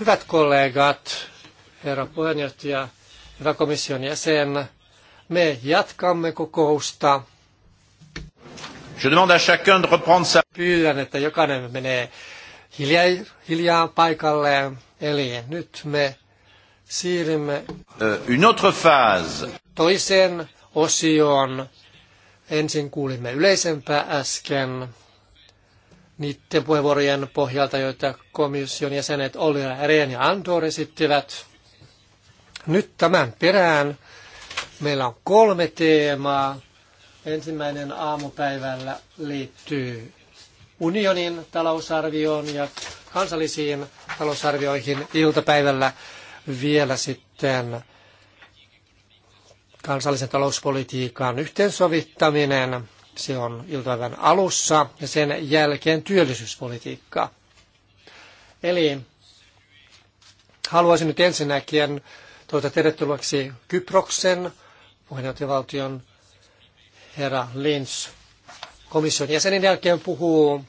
Hyvät kollegat, herra puheenjohtaja, hyvä komission jäsen, me jatkamme kokousta. Je demande à chacun de reprendre sa... Pyydän, että jokainen menee hiljaa, hiljaa paikalleen. Eli nyt me siirrymme uh, une autre phase. toiseen osioon. Ensin kuulimme yleisempää äsken niiden puheenvuorojen pohjalta, joita komission jäsenet Olli Rehn ja Andor esittivät. Nyt tämän perään meillä on kolme teemaa. Ensimmäinen aamupäivällä liittyy unionin talousarvioon ja kansallisiin talousarvioihin iltapäivällä vielä sitten kansallisen talouspolitiikan yhteensovittaminen se on iltapäivän alussa ja sen jälkeen työllisyyspolitiikka. Eli haluaisin nyt ensinnäkin toivottaa tervetulleeksi Kyproksen puheenjohtajavaltion herra Lins komission jäsenen jälkeen puhuu.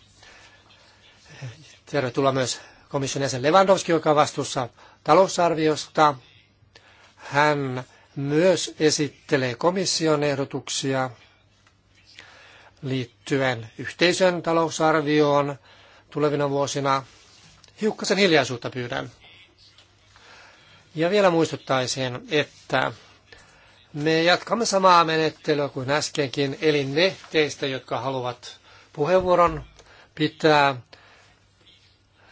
Tervetuloa myös komission jäsen Lewandowski, joka on vastuussa talousarviosta. Hän myös esittelee komission ehdotuksia liittyen yhteisön talousarvioon tulevina vuosina. Hiukkasen hiljaisuutta pyydän. Ja vielä muistuttaisin, että me jatkamme samaa menettelyä kuin äskenkin, eli ne teistä, jotka haluavat puheenvuoron pitää,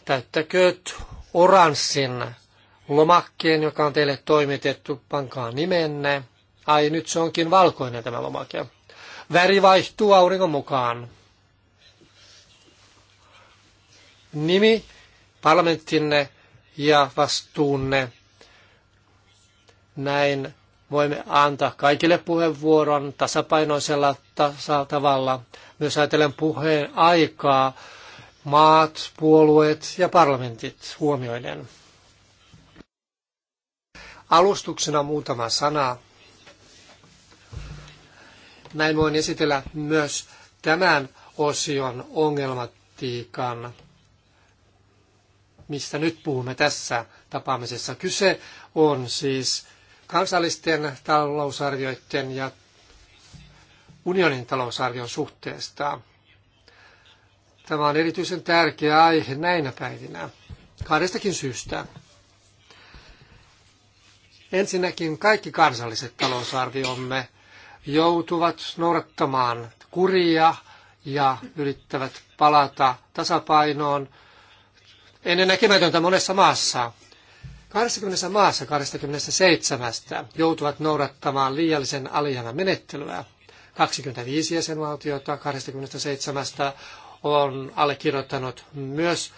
täyttäkööt oranssin lomakkeen, joka on teille toimitettu, pankaa nimenne. Ai nyt se onkin valkoinen tämä lomake väri vaihtuu auringon mukaan. Nimi, parlamenttinne ja vastuunne. Näin voimme antaa kaikille puheenvuoron tasapainoisella tasa tavalla. Myös ajatellen puheen aikaa, maat, puolueet ja parlamentit huomioiden. Alustuksena muutama sana näin voin esitellä myös tämän osion ongelmatiikan, mistä nyt puhumme tässä tapaamisessa. Kyse on siis kansallisten talousarvioiden ja unionin talousarvion suhteesta. Tämä on erityisen tärkeä aihe näinä päivinä, kahdestakin syystä. Ensinnäkin kaikki kansalliset talousarviomme joutuvat noudattamaan kuria ja yrittävät palata tasapainoon. Ennen näkemätöntä monessa maassa. 20 maassa 27 joutuvat noudattamaan liiallisen alijäämän menettelyä. 25 jäsenvaltiota 27 on allekirjoittanut myös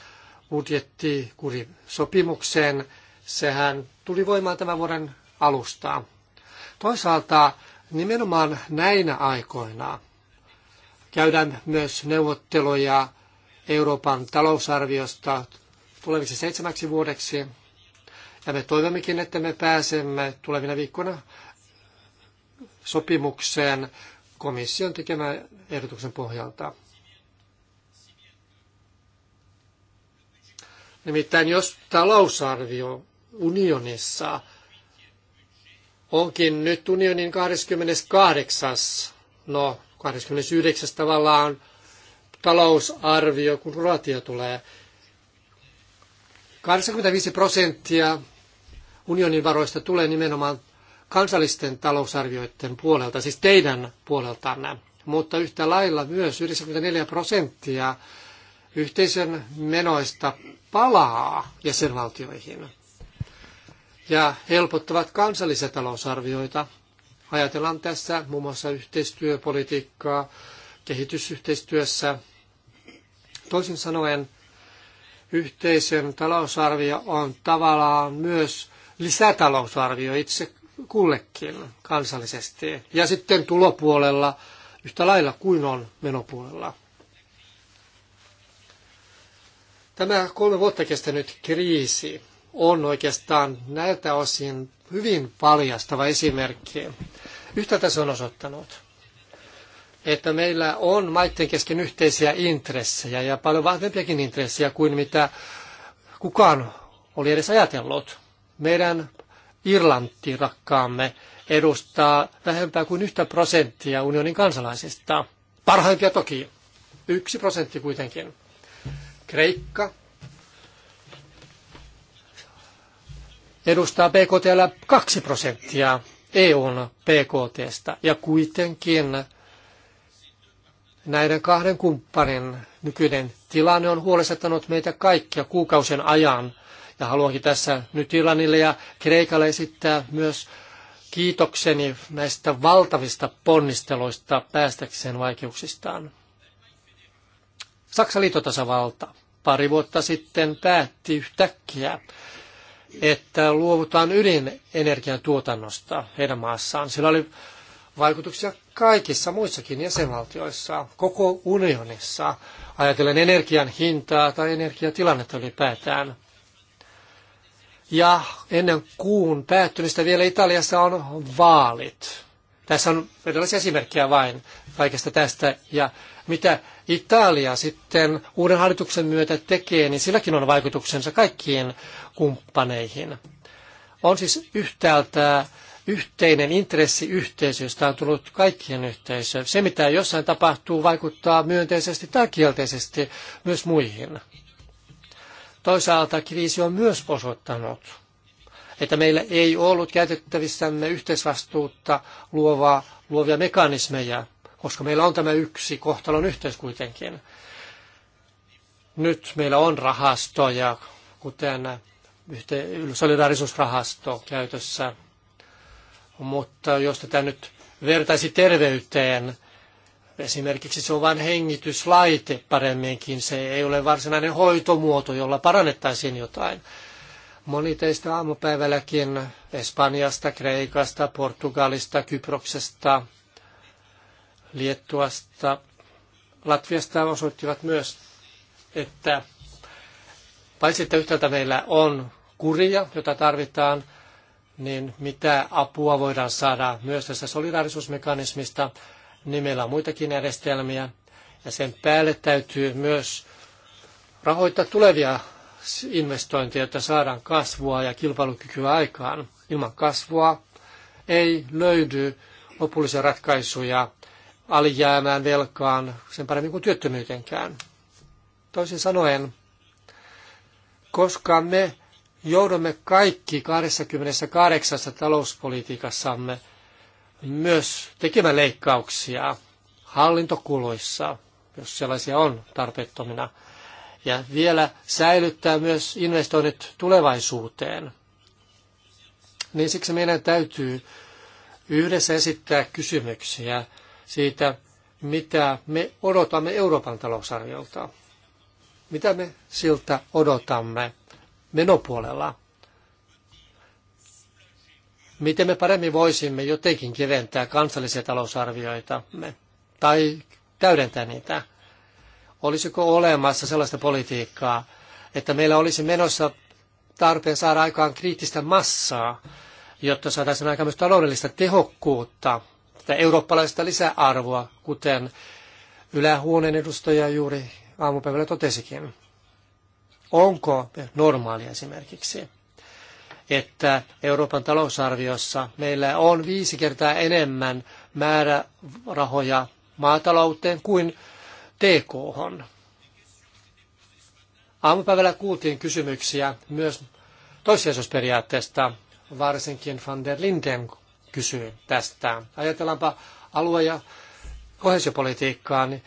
budjettikurisopimukseen. Sehän tuli voimaan tämän vuoden alusta. Toisaalta Nimenomaan näinä aikoina käydään myös neuvotteluja Euroopan talousarviosta tuleviksi seitsemäksi vuodeksi. Ja me toivommekin, että me pääsemme tulevina viikkoina sopimukseen komission tekemän ehdotuksen pohjalta. Nimittäin jos talousarvio unionissa onkin nyt unionin 28. no 29. tavallaan talousarvio, kun Kroatia tulee. 85 prosenttia unionin varoista tulee nimenomaan kansallisten talousarvioiden puolelta, siis teidän puoleltanne. Mutta yhtä lailla myös 94 prosenttia yhteisön menoista palaa jäsenvaltioihin ja helpottavat kansallisia talousarvioita. Ajatellaan tässä muun muassa yhteistyöpolitiikkaa kehitysyhteistyössä. Toisin sanoen yhteisön talousarvio on tavallaan myös lisätalousarvio itse kullekin kansallisesti. Ja sitten tulopuolella yhtä lailla kuin on menopuolella. Tämä kolme vuotta kestänyt kriisi on oikeastaan näiltä osin hyvin paljastava esimerkki. Yhtäältä se on osoittanut, että meillä on maiden kesken yhteisiä intressejä ja paljon vahvempiakin intressejä kuin mitä kukaan oli edes ajatellut. Meidän Irlanti, rakkaamme, edustaa vähempää kuin yhtä prosenttia unionin kansalaisista. Parhaimpia toki, yksi prosentti kuitenkin. Kreikka edustaa BKTllä 2 prosenttia EUn BKTstä. Ja kuitenkin näiden kahden kumppanin nykyinen tilanne on huolestuttanut meitä kaikkia kuukausien ajan. Ja haluankin tässä nyt Irlannille ja Kreikalle esittää myös kiitokseni näistä valtavista ponnisteluista päästäkseen vaikeuksistaan. Saksan liittotasavalta pari vuotta sitten päätti yhtäkkiä, että luovutaan ydinenergian tuotannosta heidän maassaan. Sillä oli vaikutuksia kaikissa muissakin jäsenvaltioissa, koko unionissa, ajatellen energian hintaa tai energiatilannetta ylipäätään. Ja ennen kuun päättymistä vielä Italiassa on vaalit. Tässä on erilaisia esimerkkejä vain kaikesta tästä. Ja mitä Italia sitten uuden hallituksen myötä tekee, niin silläkin on vaikutuksensa kaikkiin kumppaneihin. On siis yhtäältä yhteinen intressi yhteisöstä on tullut kaikkien yhteisö. Se, mitä jossain tapahtuu, vaikuttaa myönteisesti tai kielteisesti myös muihin. Toisaalta kriisi on myös osoittanut, että meillä ei ollut käytettävissämme yhteisvastuutta luovaa, luovia mekanismeja, koska meillä on tämä yksi kohtalon yhteys kuitenkin. Nyt meillä on rahastoja, kuten solidaarisuusrahasto käytössä, mutta jos tätä nyt vertaisi terveyteen, Esimerkiksi se on vain hengityslaite paremminkin, se ei ole varsinainen hoitomuoto, jolla parannettaisiin jotain. Moni teistä aamupäivälläkin Espanjasta, Kreikasta, Portugalista, Kyproksesta, Liettuasta, Latviasta osoittivat myös, että paitsi että yhtäältä meillä on kuria, jota tarvitaan, niin mitä apua voidaan saada myös tästä solidaarisuusmekanismista, niin meillä on muitakin järjestelmiä. Ja sen päälle täytyy myös rahoittaa tulevia investointeja, että saadaan kasvua ja kilpailukykyä aikaan. Ilman kasvua ei löydy lopullisia ratkaisuja alijäämään, velkaan, sen paremmin kuin työttömyytenkään. Toisin sanoen, koska me joudumme kaikki 28 talouspolitiikassamme myös tekemään leikkauksia hallintokuluissa, jos sellaisia on tarpeettomina – ja vielä säilyttää myös investoinnit tulevaisuuteen. Niin siksi meidän täytyy yhdessä esittää kysymyksiä siitä, mitä me odotamme Euroopan talousarviolta. Mitä me siltä odotamme menopuolella? Miten me paremmin voisimme jotenkin keventää kansallisia talousarvioitamme tai täydentää niitä? Olisiko olemassa sellaista politiikkaa, että meillä olisi menossa tarpeen saada aikaan kriittistä massaa, jotta saataisiin aikaan myös taloudellista tehokkuutta, tätä eurooppalaista lisäarvoa, kuten ylähuoneen edustaja juuri aamupäivällä totesikin. Onko normaalia esimerkiksi, että Euroopan talousarviossa meillä on viisi kertaa enemmän määrärahoja maatalouteen kuin tk on Aamupäivällä kuultiin kysymyksiä myös toissijaisuusperiaatteesta, varsinkin van der Linden kysyy tästä. Ajatellaanpa alue- ja kohesiopolitiikkaa, niin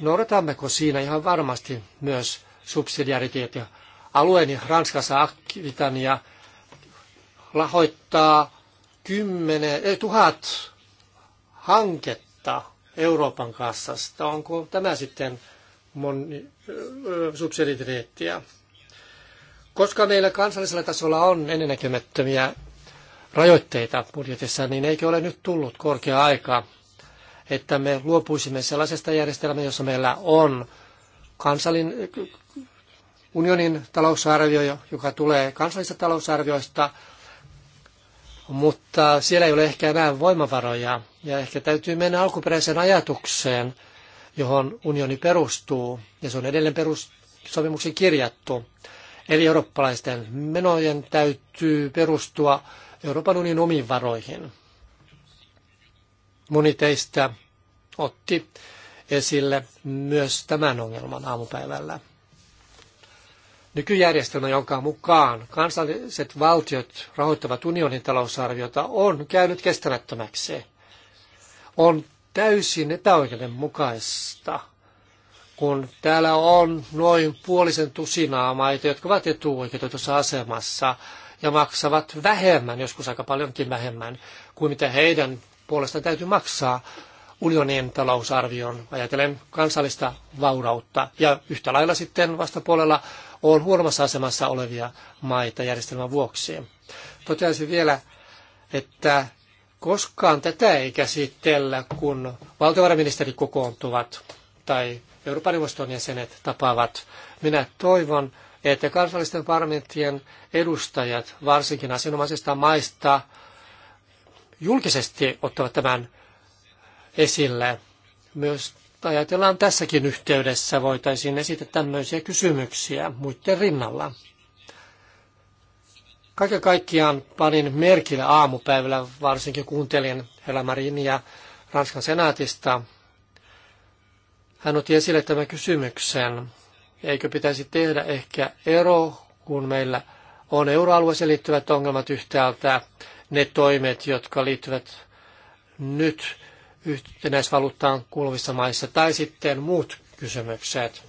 noudatammeko siinä ihan varmasti myös subsidiariteettia. Alueeni Ranskassa Akvitania lahoittaa kymmenen, ei, eh, tuhat hanketta Euroopan kassasta. Onko tämä sitten moni, subsidiariteettia? Koska meillä kansallisella tasolla on ennennäkemättömiä rajoitteita budjetissa, niin eikö ole nyt tullut korkea aika, että me luopuisimme sellaisesta järjestelmästä, jossa meillä on kansallin, unionin talousarvio, joka tulee kansallisista talousarvioista, mutta siellä ei ole ehkä enää voimavaroja. Ja ehkä täytyy mennä alkuperäiseen ajatukseen, johon unioni perustuu, ja se on edelleen perussopimuksen kirjattu. Eli eurooppalaisten menojen täytyy perustua Euroopan unionin omiin varoihin. Moni teistä otti esille myös tämän ongelman aamupäivällä. Nykyjärjestelmä, jonka mukaan kansalliset valtiot rahoittavat unionin talousarviota, on käynyt kestämättömäksi. On täysin epäoikeudenmukaista, kun täällä on noin puolisen tusinaa maita, jotka ovat etuoikeutetussa asemassa ja maksavat vähemmän, joskus aika paljonkin vähemmän, kuin mitä heidän puolestaan täytyy maksaa unionin talousarvion, ajatellen kansallista vaurautta. Ja yhtä lailla sitten vastapuolella on huonommassa asemassa olevia maita järjestelmän vuoksi. Toteaisin vielä, että koskaan tätä ei käsitellä, kun valtiovarainministerit kokoontuvat tai Euroopan neuvoston jäsenet tapaavat. Minä toivon, että kansallisten parlamenttien edustajat, varsinkin asianomaisista maista, julkisesti ottavat tämän esille. Myös ajatellaan tässäkin yhteydessä, voitaisiin esittää tämmöisiä kysymyksiä muiden rinnalla. Kaiken kaikkiaan panin merkille aamupäivällä, varsinkin kuuntelin ja Ranskan senaatista. Hän otti esille tämän kysymyksen, eikö pitäisi tehdä ehkä ero, kun meillä on euroalueeseen liittyvät ongelmat yhtäältä, ne toimet, jotka liittyvät nyt yhtenäisvaluuttaan kuuluvissa maissa, tai sitten muut kysymykset.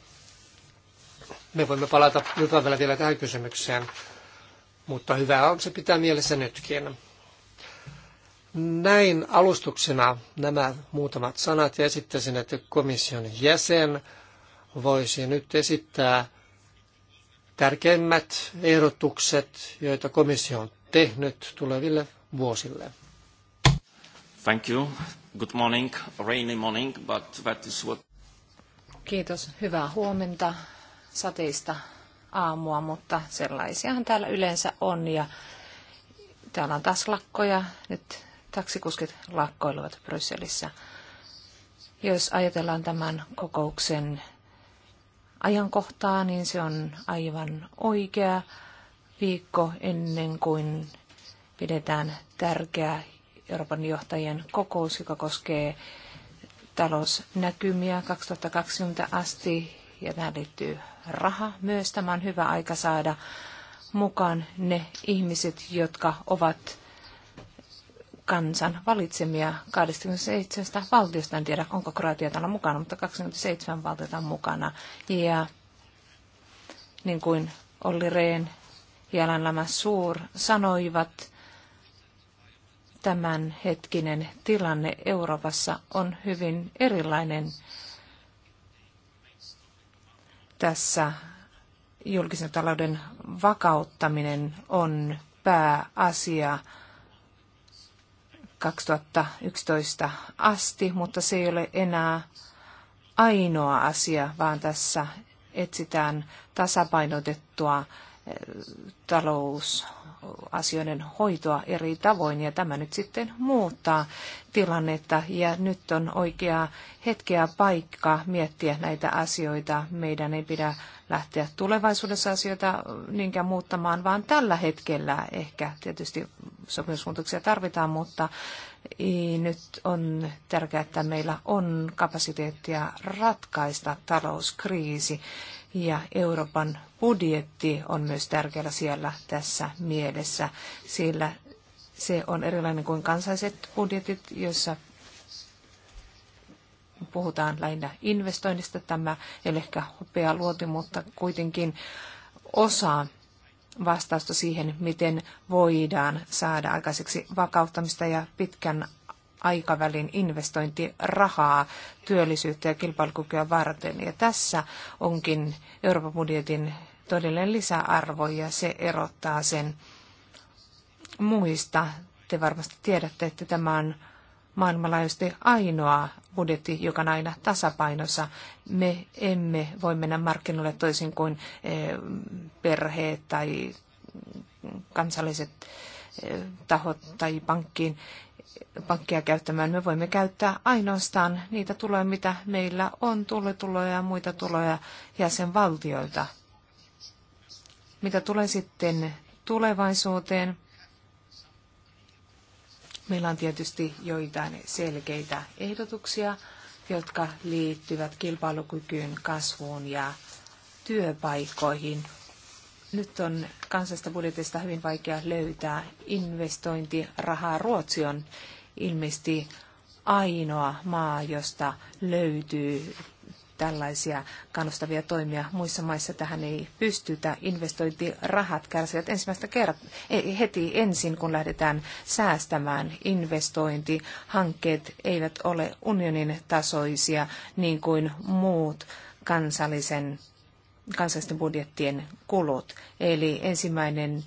Me voimme palata Lypävällä vielä tähän kysymykseen, mutta hyvä on se pitää mielessä nytkin. Näin alustuksena nämä muutamat sanat ja esittäisin, että komission jäsen voisi nyt esittää tärkeimmät ehdotukset, joita komissio on tehnyt tuleville vuosille. Thank you. Good morning, rainy morning, but that is what... Kiitos, hyvää huomenta, sateista aamua, mutta sellaisiahan täällä yleensä on ja täällä on taas lakkoja, nyt taksikuskit lakkoiluvat Brysselissä. Jos ajatellaan tämän kokouksen ajankohtaa, niin se on aivan oikea viikko ennen kuin pidetään tärkeä Euroopan johtajien kokous, joka koskee talousnäkymiä 2020 asti, ja tähän liittyy raha myös. Tämä on hyvä aika saada mukaan ne ihmiset, jotka ovat kansan valitsemia 27 valtiosta. En tiedä, onko Kroatia täällä mukana, mutta 27 valtiota on mukana. Ja niin kuin Olli Rehn ja Suur sanoivat, tämänhetkinen tilanne Euroopassa on hyvin erilainen tässä julkisen talouden vakauttaminen on pääasia 2011 asti, mutta se ei ole enää ainoa asia, vaan tässä etsitään tasapainotettua eh, talous- asioiden hoitoa eri tavoin ja tämä nyt sitten muuttaa tilannetta ja nyt on oikea hetki ja paikka miettiä näitä asioita. Meidän ei pidä lähteä tulevaisuudessa asioita niinkään muuttamaan, vaan tällä hetkellä ehkä tietysti sopimusmuutoksia tarvitaan, mutta nyt on tärkeää, että meillä on kapasiteettia ratkaista talouskriisi ja Euroopan budjetti on myös tärkeällä siellä tässä mielessä, sillä se on erilainen kuin kansalliset budjetit, joissa puhutaan lähinnä investoinnista. Tämä ei ehkä hopea luoti, mutta kuitenkin osa vastausta siihen, miten voidaan saada aikaiseksi vakauttamista ja pitkän aikavälin investointirahaa työllisyyttä ja kilpailukykyä varten. Ja tässä onkin Euroopan budjetin todellinen lisäarvo ja se erottaa sen muista. Te varmasti tiedätte, että tämä on maailmanlaajuisesti ainoa budjetti, joka on aina tasapainossa. Me emme voi mennä markkinoille toisin kuin eh, perheet tai kansalliset eh, tahot tai pankkiin pankkia käyttämään. Me voimme käyttää ainoastaan niitä tuloja, mitä meillä on, tullituloja ja muita tuloja jäsenvaltioilta. Mitä tulee sitten tulevaisuuteen, meillä on tietysti joitain selkeitä ehdotuksia, jotka liittyvät kilpailukykyyn, kasvuun ja työpaikkoihin, nyt on kansasta budjetista hyvin vaikea löytää investointirahaa. Ruotsi on ilmeisesti ainoa maa, josta löytyy tällaisia kannustavia toimia. Muissa maissa tähän ei pystytä. Investointirahat kärsivät ensimmäistä kertaa e, heti ensin, kun lähdetään säästämään. Investointihankkeet eivät ole unionin tasoisia niin kuin muut kansallisen kansallisten budjettien kulut. Eli ensimmäinen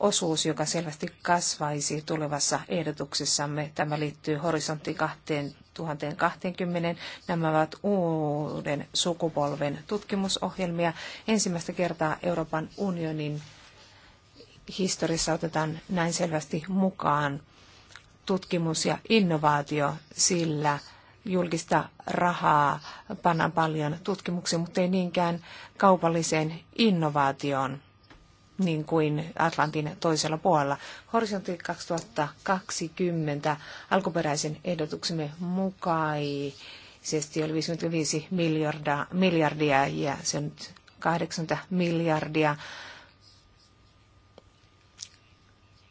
osuus, joka selvästi kasvaisi tulevassa ehdotuksessamme. Tämä liittyy horisontti 2020. Nämä ovat uuden sukupolven tutkimusohjelmia. Ensimmäistä kertaa Euroopan unionin historiassa otetaan näin selvästi mukaan tutkimus ja innovaatio, sillä – julkista rahaa pannaan paljon tutkimuksiin, mutta ei niinkään kaupalliseen innovaatioon niin kuin Atlantin toisella puolella. Horisontti 2020 alkuperäisen ehdotuksemme mukaisesti oli 55 miljardia, miljardia ja se on nyt 80 miljardia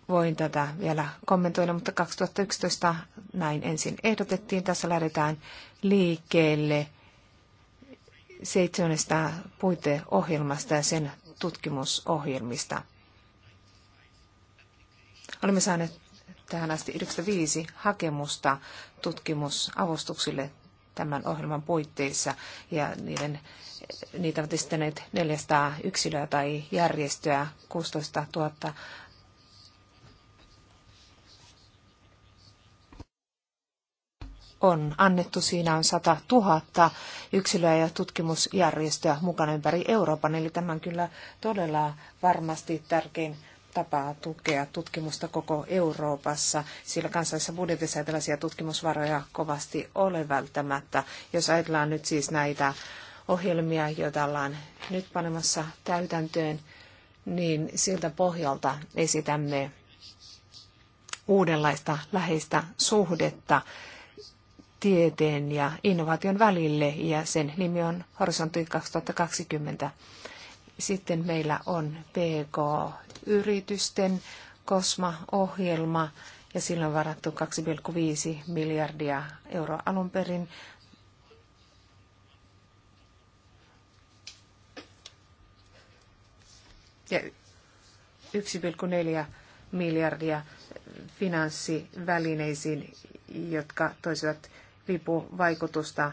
voin tätä vielä kommentoida, mutta 2011 näin ensin ehdotettiin. Tässä lähdetään liikkeelle seitsemästä puiteohjelmasta ja sen tutkimusohjelmista. Olemme saaneet tähän asti 95 hakemusta tutkimusavustuksille tämän ohjelman puitteissa ja niiden, niitä ovat esittäneet 400 yksilöä tai järjestöä, 16 000 on annettu. Siinä on 100 000 yksilöä ja tutkimusjärjestöä mukana ympäri Euroopan, eli tämä on kyllä todella varmasti tärkein tapa tukea tutkimusta koko Euroopassa, sillä kansallisessa budjetissa ei tällaisia tutkimusvaroja kovasti ole välttämättä. Jos ajatellaan nyt siis näitä ohjelmia, joita ollaan nyt panemassa täytäntöön, niin siltä pohjalta esitämme uudenlaista läheistä suhdetta tieteen ja innovaation välille ja sen nimi on Horisontti 2020. Sitten meillä on PK-yritysten COSMA-ohjelma ja sillä on varattu 2,5 miljardia euroa alun perin. Ja 1,4 miljardia finanssivälineisiin, jotka toisivat vipuvaikutusta.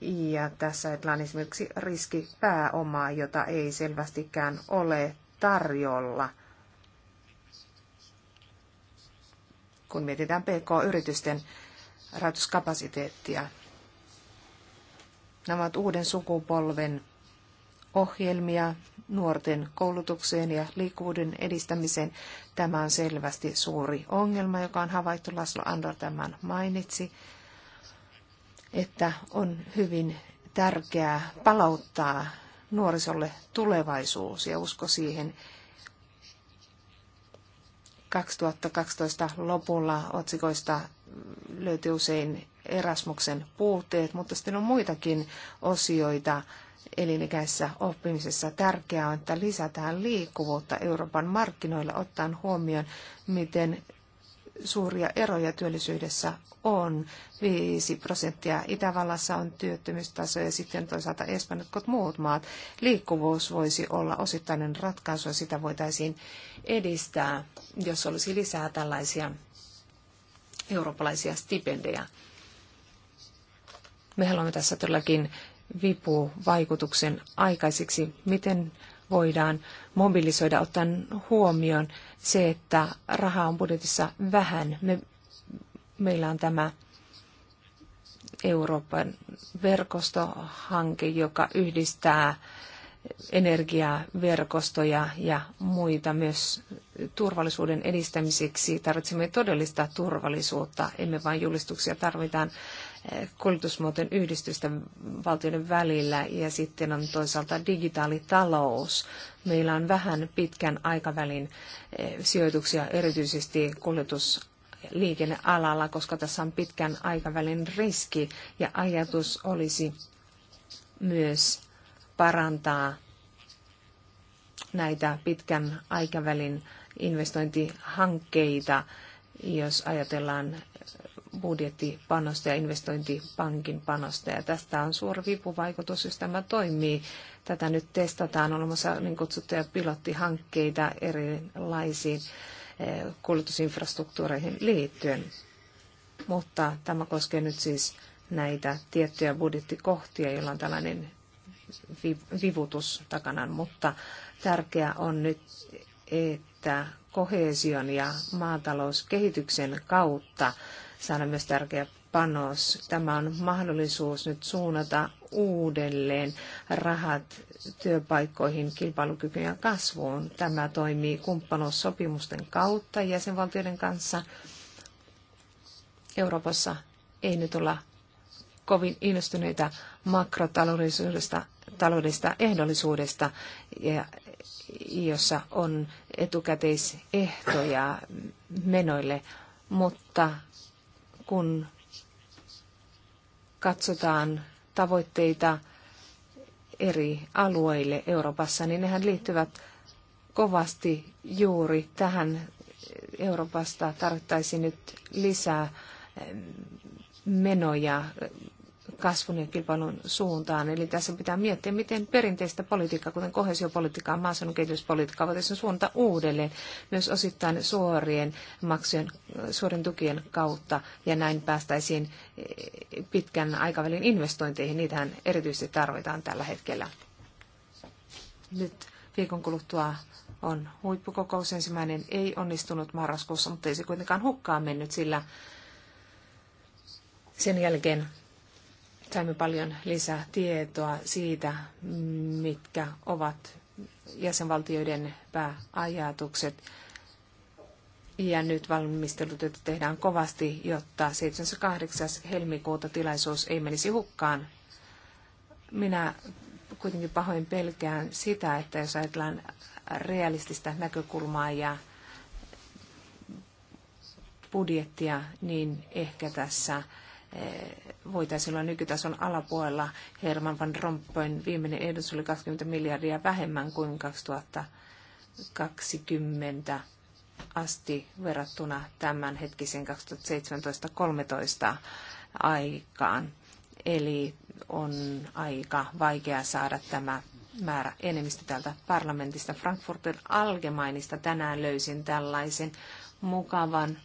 Ja tässä ajatellaan esimerkiksi riskipääomaa, jota ei selvästikään ole tarjolla. kun mietitään PK-yritysten rahoituskapasiteettia. Nämä ovat uuden sukupolven ohjelmia nuorten koulutukseen ja liikkuvuuden edistämiseen. Tämä on selvästi suuri ongelma, joka on havaittu. Laslo Andor tämän mainitsi että on hyvin tärkeää palauttaa nuorisolle tulevaisuus ja usko siihen. 2012 lopulla otsikoista löytyy usein Erasmuksen puutteet, mutta sitten on muitakin osioita elinikäisessä oppimisessa. Tärkeää on, että lisätään liikkuvuutta Euroopan markkinoilla ottaen huomioon, miten suuria eroja työllisyydessä on. 5 prosenttia Itävallassa on työttömyystaso ja sitten toisaalta Espanjat kuin muut maat. Liikkuvuus voisi olla osittainen ratkaisu ja sitä voitaisiin edistää, jos olisi lisää tällaisia eurooppalaisia stipendejä. Me haluamme tässä todellakin vipuvaikutuksen aikaiseksi. Miten voidaan mobilisoida ottaen huomioon se, että rahaa on budjetissa vähän. Me, meillä on tämä Euroopan verkostohanke, joka yhdistää energiaverkostoja ja muita myös turvallisuuden edistämiseksi. Tarvitsemme todellista turvallisuutta, emme vain julistuksia. Tarvitaan koulutusmuotojen yhdistystä valtioiden välillä ja sitten on toisaalta digitaalitalous. Meillä on vähän pitkän aikavälin eh, sijoituksia erityisesti koulutus liikennealalla, koska tässä on pitkän aikavälin riski ja ajatus olisi myös parantaa näitä pitkän aikavälin investointihankkeita, jos ajatellaan budjettipanosta ja investointipankin panosta. Ja tästä on suuri vipuvaikutus, jos tämä toimii. Tätä nyt testataan, on olemassa niin kutsuttuja pilottihankkeita erilaisiin eh, kuljetusinfrastruktuureihin liittyen. Mutta tämä koskee nyt siis näitä tiettyjä budjettikohtia, joilla on tällainen vivutus takanaan, mutta tärkeää on nyt, että kohesion ja maatalouskehityksen kautta saada myös tärkeä panos. Tämä on mahdollisuus nyt suunnata uudelleen rahat työpaikkoihin, kilpailukykyyn ja kasvuun. Tämä toimii kumppanuussopimusten kautta jäsenvaltioiden kanssa. Euroopassa ei nyt olla kovin innostuneita makrotaloudellisuudesta taloudesta ehdollisuudesta, ja, jossa on etukäteisehtoja menoille, mutta kun katsotaan tavoitteita eri alueille Euroopassa, niin nehän liittyvät kovasti juuri tähän. Euroopasta tarvittaisiin nyt lisää menoja kasvun ja kilpailun suuntaan. Eli tässä pitää miettiä, miten perinteistä politiikkaa, kuten kohesiopolitiikkaa, maaseudun kehityspolitiikkaa, voitaisiin suuntaa uudelleen myös osittain suorien maksujen, suorien tukien kautta, ja näin päästäisiin pitkän aikavälin investointeihin. Niitähän erityisesti tarvitaan tällä hetkellä. Nyt viikon kuluttua on huippukokous. Ensimmäinen ei onnistunut marraskuussa, mutta ei se kuitenkaan hukkaan mennyt, sillä sen jälkeen saimme paljon lisää tietoa siitä, mitkä ovat jäsenvaltioiden pääajatukset. Ja nyt valmistelutyötä tehdään kovasti, jotta 78. helmikuuta tilaisuus ei menisi hukkaan. Minä kuitenkin pahoin pelkään sitä, että jos ajatellaan realistista näkökulmaa ja budjettia, niin ehkä tässä eh, voitaisiin olla nykytason alapuolella. Herman van Rompuyn viimeinen ehdotus oli 20 miljardia vähemmän kuin 2020 asti verrattuna tämänhetkisen 2017-2013 aikaan. Eli on aika vaikea saada tämä määrä enemmistö täältä parlamentista. Frankfurter Allgemeinista tänään löysin tällaisen mukavan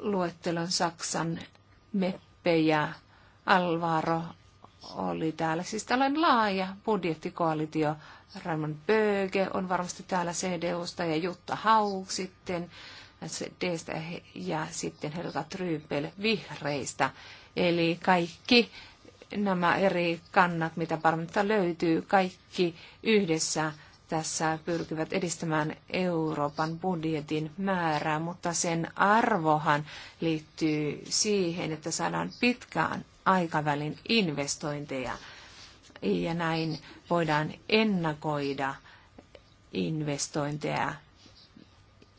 luettelon Saksan Meppe ja Alvaro oli täällä. Siis tällainen laaja budjettikoalitio. Raymond Böge on varmasti täällä CDUsta ja Jutta Haug sitten SDstä ja sitten Helga Trympel vihreistä. Eli kaikki nämä eri kannat, mitä parlamentista löytyy, kaikki yhdessä tässä pyrkivät edistämään Euroopan budjetin määrää, mutta sen arvohan liittyy siihen, että saadaan pitkään aikavälin investointeja ja näin voidaan ennakoida investointeja.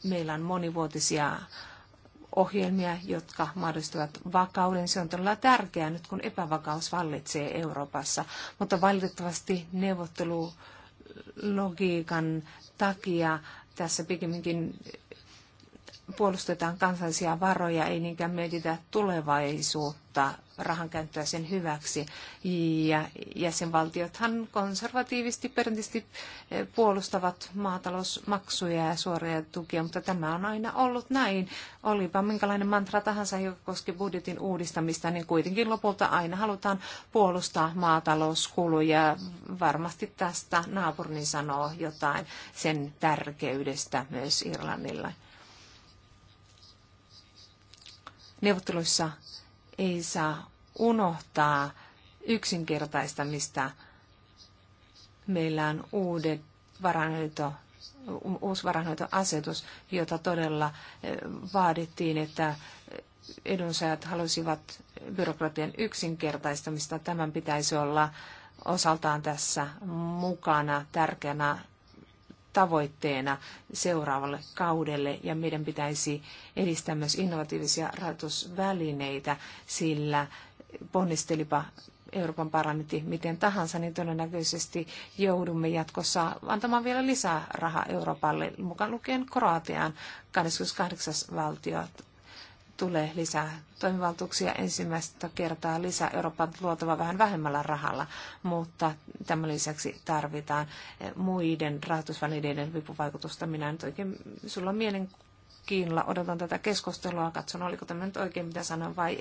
Meillä on monivuotisia ohjelmia, jotka mahdollistavat vakauden. Se on todella tärkeää nyt, kun epävakaus vallitsee Euroopassa, mutta valitettavasti neuvottelu logiikan takia tässä pikemminkin puolustetaan kansallisia varoja, ei niinkään mietitä tulevaisuutta käyttöä sen hyväksi. Ja jäsenvaltiothan konservatiivisesti perinteisesti eh, puolustavat maatalousmaksuja ja suoria tukia, mutta tämä on aina ollut näin. Olipa minkälainen mantra tahansa, joka koski budjetin uudistamista, niin kuitenkin lopulta aina halutaan puolustaa maatalouskuluja. Varmasti tästä naapurini sanoo jotain sen tärkeydestä myös Irlannilla. neuvotteluissa ei saa unohtaa yksinkertaistamista. Meillä on uudet varanhoito, uusi varanhoitoasetus, jota todella eh, vaadittiin, että edunsaajat halusivat byrokratian yksinkertaistamista. Tämän pitäisi olla osaltaan tässä mukana tärkeänä tavoitteena seuraavalle kaudelle ja meidän pitäisi edistää myös innovatiivisia rahoitusvälineitä, sillä ponnistelipa Euroopan parlamentti miten tahansa, niin todennäköisesti joudumme jatkossa antamaan vielä lisää rahaa Euroopalle, mukaan lukien Kroatiaan 28. valtio tulee lisää toimivaltuuksia ensimmäistä kertaa lisää. Euroopan luotava vähän vähemmällä rahalla, mutta tämän lisäksi tarvitaan muiden rahoitusvälineiden vipuvaikutusta. Minä nyt oikein, sulla on mielen kiinnolla odotan tätä keskustelua, katson oliko tämä nyt oikein mitä sanon vai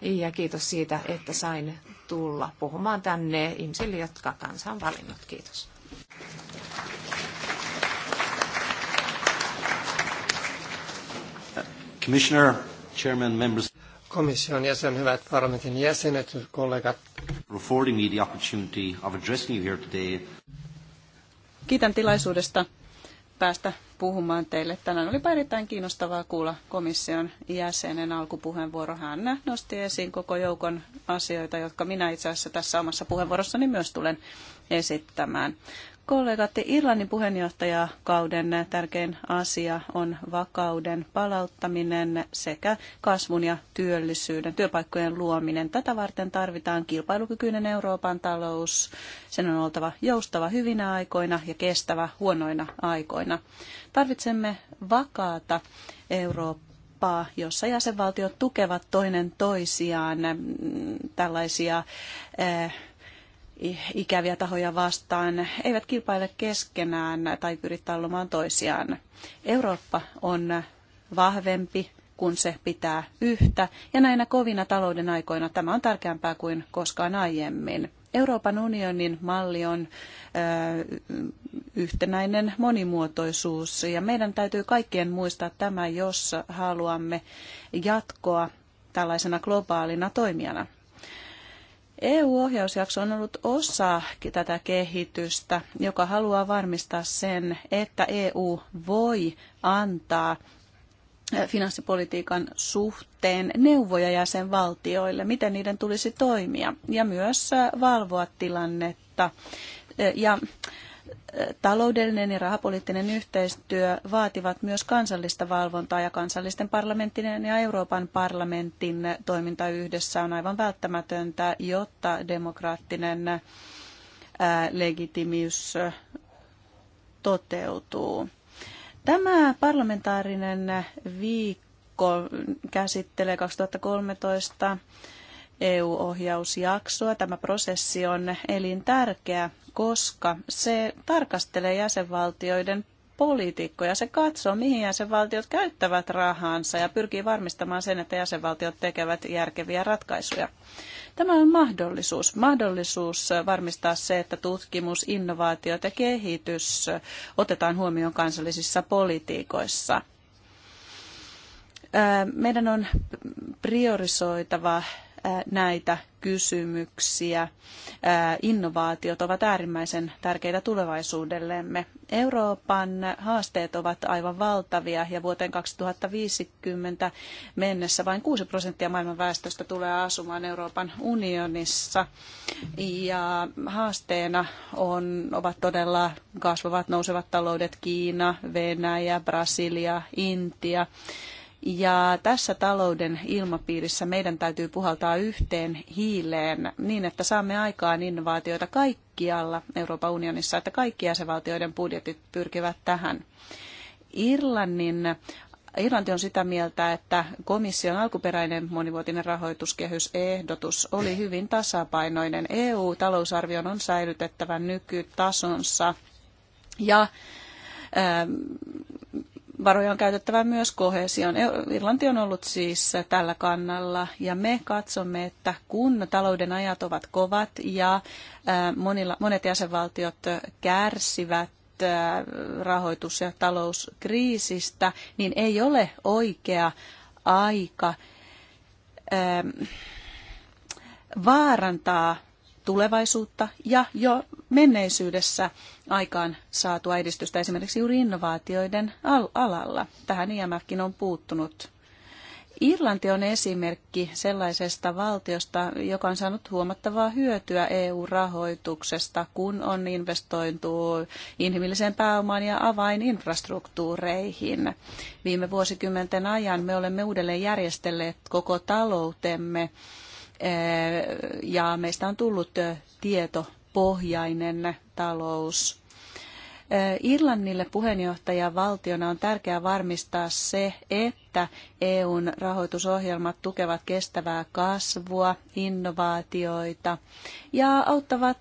ei. Ja kiitos siitä, että sain tulla puhumaan tänne ihmisille, jotka kansa on valinnut. Kiitos. Commissioner, Chairman, members. Komission jäsen, hyvät parlamentin jäsenet, kollegat. Affording me the opportunity of addressing you here today. Kiitän tilaisuudesta päästä puhumaan teille. Tänään oli erittäin kiinnostavaa kuulla komission jäsenen alkupuheenvuoro. Hän nosti esiin koko joukon asioita, jotka minä itse asiassa tässä omassa puheenvuorossani myös tulen esittämään kollegat, Irlannin puheenjohtajakauden tärkein asia on vakauden palauttaminen sekä kasvun ja työllisyyden, työpaikkojen luominen. Tätä varten tarvitaan kilpailukykyinen Euroopan talous. Sen on oltava joustava hyvinä aikoina ja kestävä huonoina aikoina. Tarvitsemme vakaata Eurooppaa jossa jäsenvaltiot tukevat toinen toisiaan tällaisia eh, ikäviä tahoja vastaan, eivät kilpaile keskenään tai pyri tallomaan toisiaan. Eurooppa on vahvempi, kun se pitää yhtä, ja näinä kovina talouden aikoina tämä on tärkeämpää kuin koskaan aiemmin. Euroopan unionin malli on ö, yhtenäinen monimuotoisuus ja meidän täytyy kaikkien muistaa tämä, jos haluamme jatkoa tällaisena globaalina toimijana. EU-ohjausjakso on ollut osa tätä kehitystä, joka haluaa varmistaa sen, että EU voi antaa finanssipolitiikan suhteen neuvoja jäsenvaltioille, miten niiden tulisi toimia ja myös valvoa tilannetta. Ja Taloudellinen ja rahapoliittinen yhteistyö vaativat myös kansallista valvontaa ja kansallisten parlamenttien ja Euroopan parlamentin toiminta yhdessä on aivan välttämätöntä, jotta demokraattinen legitimiys toteutuu. Tämä parlamentaarinen viikko käsittelee 2013 EU-ohjausjaksoa. Tämä prosessi on elintärkeä, koska se tarkastelee jäsenvaltioiden poliitikkoja. Se katsoo, mihin jäsenvaltiot käyttävät rahansa ja pyrkii varmistamaan sen, että jäsenvaltiot tekevät järkeviä ratkaisuja. Tämä on mahdollisuus. Mahdollisuus varmistaa se, että tutkimus, innovaatiot ja kehitys otetaan huomioon kansallisissa politiikoissa. Meidän on priorisoitava näitä kysymyksiä. Innovaatiot ovat äärimmäisen tärkeitä tulevaisuudellemme. Euroopan haasteet ovat aivan valtavia ja vuoteen 2050 mennessä vain 6 prosenttia maailman väestöstä tulee asumaan Euroopan unionissa. Ja haasteena on, ovat todella kasvavat nousevat taloudet Kiina, Venäjä, Brasilia, Intia. Ja tässä talouden ilmapiirissä meidän täytyy puhaltaa yhteen hiileen niin, että saamme aikaan innovaatioita kaikkialla Euroopan unionissa, että kaikki jäsenvaltioiden budjetit pyrkivät tähän. Irlannin Irlanti on sitä mieltä, että komission alkuperäinen monivuotinen rahoituskehysehdotus oli hyvin tasapainoinen. EU-talousarvion on säilytettävä nykytasonsa ja ähm, varoja on käytettävä myös kohesioon. E- Irlanti on ollut siis tällä kannalla ja me katsomme, että kun talouden ajat ovat kovat ja monilla, monet jäsenvaltiot kärsivät rahoitus- ja talouskriisistä, niin ei ole oikea aika vaarantaa tulevaisuutta ja jo menneisyydessä aikaan saatua edistystä esimerkiksi juuri innovaatioiden al- alalla. Tähän IMFkin on puuttunut. Irlanti on esimerkki sellaisesta valtiosta, joka on saanut huomattavaa hyötyä EU-rahoituksesta, kun on investointu inhimilliseen pääomaan ja avaininfrastruktuureihin. Viime vuosikymmenten ajan me olemme uudelleen järjestelleet koko taloutemme Eh, ja meistä on tullut eh, tietopohjainen talous. Eh, Irlannille puheenjohtajan valtiona on tärkeää varmistaa se, että EUn rahoitusohjelmat tukevat kestävää kasvua, innovaatioita ja auttavat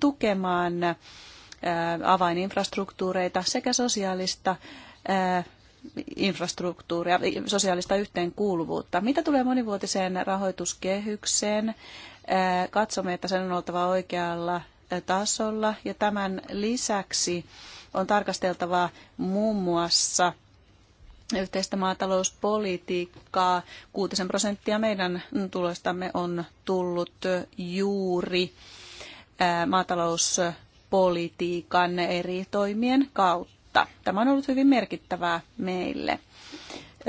tukemaan avaininfrastruktuureita sekä sosiaalista infrastruktuuria, sosiaalista yhteenkuuluvuutta. Mitä tulee monivuotiseen rahoituskehykseen, katsomme, että sen on oltava oikealla tasolla ja tämän lisäksi on tarkasteltava muun muassa yhteistä maatalouspolitiikkaa. Kuutisen prosenttia meidän tuloistamme on tullut juuri maatalouspolitiikan eri toimien kautta vuotta. Tämä on ollut hyvin merkittävää meille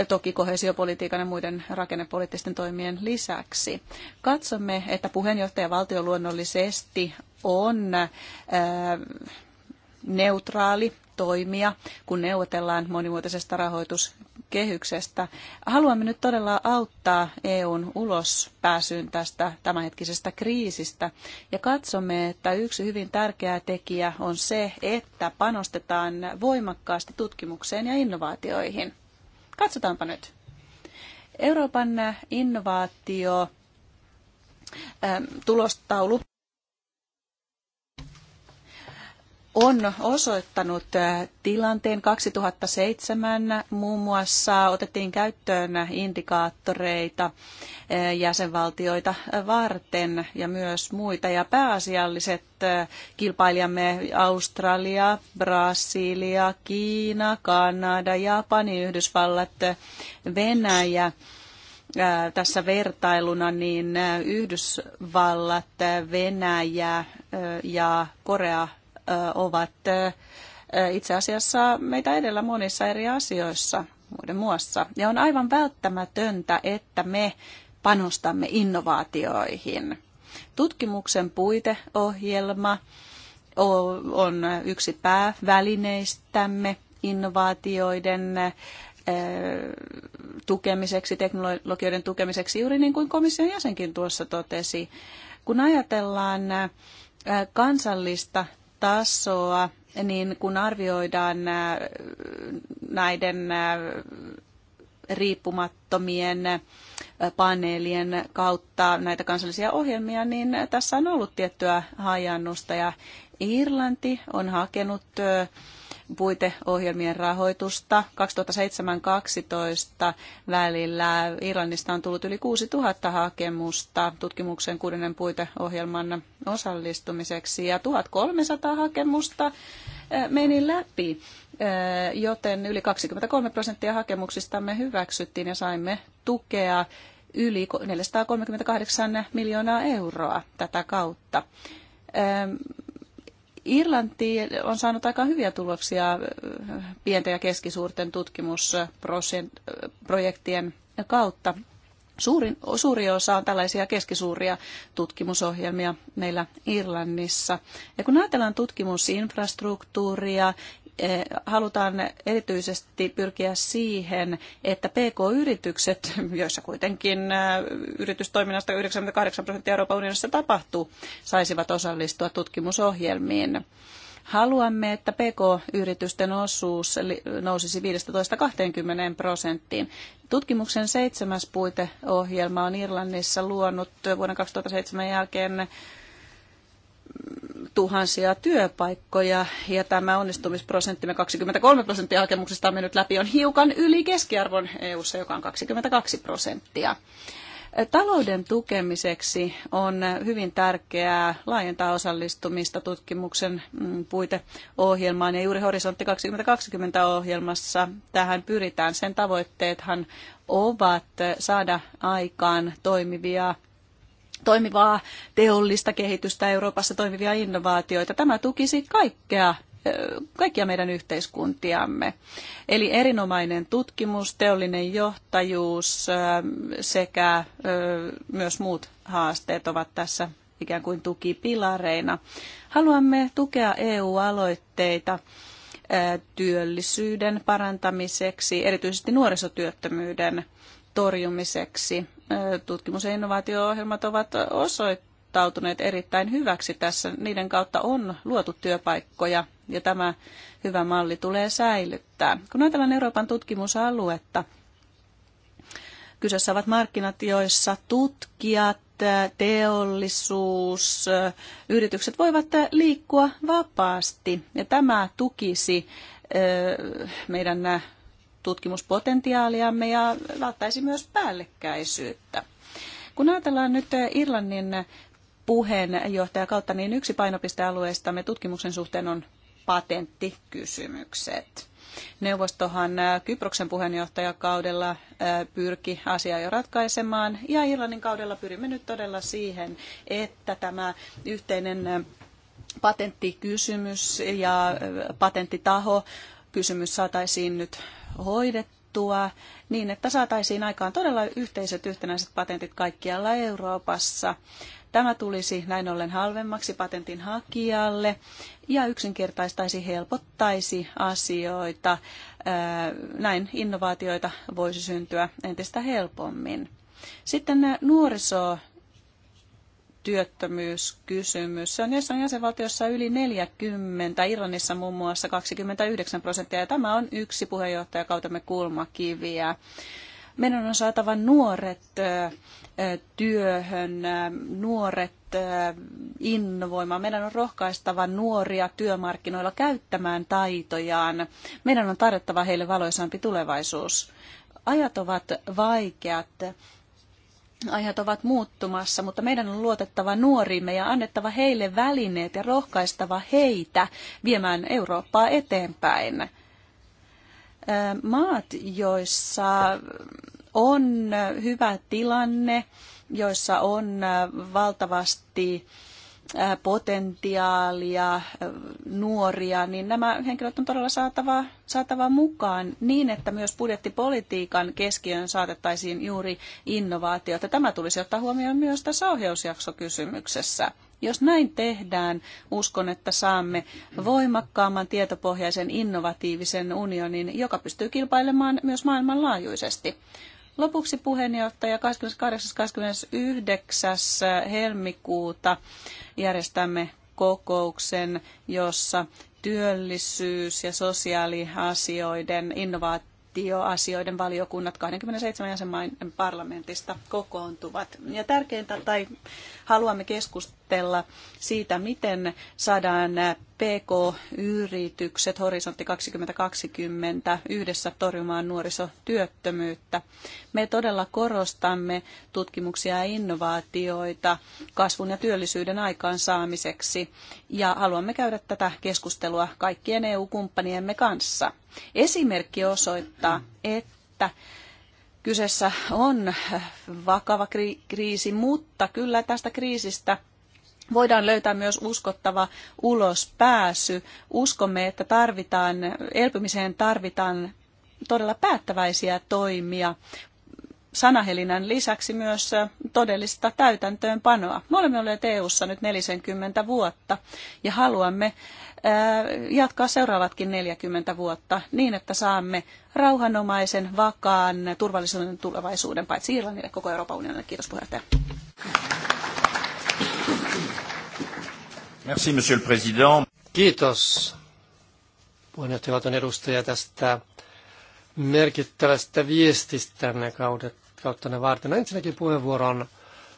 toki kohesiopolitiikan ja muiden rakennepoliittisten toimien lisäksi. Katsomme, että puheenjohtajavaltio luonnollisesti on äh, neutraali toimija, kun neuvotellaan monimuotoisesta rahoituskehyksestä. Haluamme nyt todella auttaa EUn ulospääsyyn tästä tämänhetkisestä kriisistä ja katsomme, että yksi hyvin tärkeä tekijä on se, että panostetaan voimakkaasti tutkimukseen ja innovaatioihin. Katsotaanpa nyt. Euroopan innovaatio tulostaulu on osoittanut äh, tilanteen 2007 muun muassa otettiin käyttöön indikaattoreita äh, jäsenvaltioita varten ja myös muita ja pääasialliset äh, kilpailijamme Australia, Brasilia, Kiina, Kanada, Japani, Yhdysvallat, Venäjä tässä vertailuna, niin Yhdysvallat, Venäjä ja Korea ovat itse asiassa meitä edellä monissa eri asioissa muiden muassa. Ja on aivan välttämätöntä, että me panostamme innovaatioihin. Tutkimuksen puiteohjelma on yksi päävälineistämme innovaatioiden tukemiseksi, teknologioiden tukemiseksi, juuri niin kuin komission jäsenkin tuossa totesi. Kun ajatellaan kansallista tasoa, niin kun arvioidaan äh, näiden äh, riippumattomien äh, paneelien kautta näitä kansallisia ohjelmia, niin tässä on ollut tiettyä hajannusta ja Irlanti on hakenut puiteohjelmien rahoitusta. 2007-2012 välillä Irlannista on tullut yli 6000 hakemusta tutkimuksen kuudennen puiteohjelman osallistumiseksi ja 1300 hakemusta eh, meni läpi, eh, joten yli 23 prosenttia hakemuksistamme hyväksyttiin ja saimme tukea yli 438 miljoonaa euroa tätä kautta Irlanti on saanut aika hyviä tuloksia äh, pienten ja keskisuurten tutkimusprojektien äh, kautta. Suurin, suuri osa on tällaisia keskisuuria tutkimusohjelmia meillä Irlannissa. Ja kun ajatellaan tutkimusinfrastruktuuria Eh, halutaan erityisesti pyrkiä siihen, että PK-yritykset, joissa kuitenkin eh, yritystoiminnasta 98 prosenttia Euroopan unionissa tapahtuu, saisivat osallistua tutkimusohjelmiin. Haluamme, että PK-yritysten osuus nousisi 15-20 prosenttiin. Tutkimuksen seitsemäs puiteohjelma on Irlannissa luonut vuoden 2007 jälkeen tuhansia työpaikkoja ja tämä onnistumisprosenttimme 23 prosenttia hakemuksista on mennyt läpi on hiukan yli keskiarvon EU:ssa, joka on 22 prosenttia. Talouden tukemiseksi on hyvin tärkeää laajentaa osallistumista tutkimuksen mm, puiteohjelmaan ja juuri Horisontti 2020 ohjelmassa tähän pyritään. Sen tavoitteethan ovat saada aikaan toimivia toimivaa teollista kehitystä Euroopassa, toimivia innovaatioita. Tämä tukisi kaikkea kaikkia meidän yhteiskuntiamme. Eli erinomainen tutkimus, teollinen johtajuus sekä myös muut haasteet ovat tässä ikään kuin tukipilareina. Haluamme tukea EU-aloitteita työllisyyden parantamiseksi, erityisesti nuorisotyöttömyyden torjumiseksi. Tutkimus- ja innovaatio-ohjelmat ovat osoittautuneet erittäin hyväksi tässä. Niiden kautta on luotu työpaikkoja ja tämä hyvä malli tulee säilyttää. Kun ajatellaan Euroopan tutkimusaluetta, kyseessä ovat markkinat, joissa tutkijat, teollisuus, yritykset voivat liikkua vapaasti. Ja tämä tukisi meidän tutkimuspotentiaaliamme ja välttäisi myös päällekkäisyyttä. Kun ajatellaan nyt Irlannin puheenjohtaja kautta, niin yksi me tutkimuksen suhteen on patenttikysymykset. Neuvostohan Kyproksen puheenjohtajakaudella pyrki asiaa jo ratkaisemaan ja Irlannin kaudella pyrimme nyt todella siihen, että tämä yhteinen patenttikysymys ja patenttitaho kysymys saataisiin nyt hoidettua niin, että saataisiin aikaan todella yhteiset yhtenäiset patentit kaikkialla Euroopassa. Tämä tulisi näin ollen halvemmaksi patentin hakijalle ja yksinkertaistaisi, helpottaisi asioita. Öö, näin innovaatioita voisi syntyä entistä helpommin. Sitten nuorisoa työttömyyskysymys. Se on jossain jäsenvaltiossa yli 40, Irlannissa muun muassa 29 prosenttia, ja tämä on yksi puheenjohtajakautemme kulmakiviä. Meidän on saatava nuoret työhön, nuoret innovoimaan. Meidän on rohkaistava nuoria työmarkkinoilla käyttämään taitojaan. Meidän on tarjottava heille valoisampi tulevaisuus. Ajat ovat vaikeat ajat ovat muuttumassa, mutta meidän on luotettava nuorimme ja annettava heille välineet ja rohkaistava heitä viemään Eurooppaa eteenpäin. Maat, joissa on hyvä tilanne, joissa on valtavasti potentiaalia, nuoria, niin nämä henkilöt on todella saatava, saatava mukaan niin, että myös budjettipolitiikan keskiöön saatettaisiin juuri innovaatiota. Tämä tulisi ottaa huomioon myös tässä ohjausjaksokysymyksessä. Jos näin tehdään, uskon, että saamme voimakkaamman tietopohjaisen innovatiivisen unionin, joka pystyy kilpailemaan myös maailmanlaajuisesti. Lopuksi puheenjohtaja 28.29. helmikuuta järjestämme kokouksen, jossa työllisyys- ja sosiaaliasioiden innovaatioasioiden valiokunnat 27 jäsenmaiden parlamentista kokoontuvat. Ja tärkeintä tai Haluamme keskustella siitä, miten saadaan PK-yritykset Horisontti 2020 yhdessä torjumaan nuorisotyöttömyyttä. Me todella korostamme tutkimuksia ja innovaatioita kasvun ja työllisyyden aikaansaamiseksi ja haluamme käydä tätä keskustelua kaikkien EU-kumppaniemme kanssa. Esimerkki osoittaa, että että Kyseessä on äh, vakava kriisi, mutta kyllä tästä kriisistä voidaan löytää myös uskottava ulospääsy. Uskomme, että tarvitaan, elpymiseen tarvitaan todella päättäväisiä toimia sanahelinän lisäksi myös todellista täytäntöönpanoa. Me olemme olleet EU-ssa nyt 40 vuotta ja haluamme jatkaa seuraavatkin 40 vuotta niin, että saamme rauhanomaisen, vakaan, turvallisuuden tulevaisuuden paitsi Irlannille, koko Euroopan unionille. Kiitos puheenjohtaja. Merci, monsieur le président. Kiitos puheenjohtajavaltion edustaja tästä merkittävästä viestistä tänne kaudet Kauttanne varten. No, ensinnäkin puheenvuoron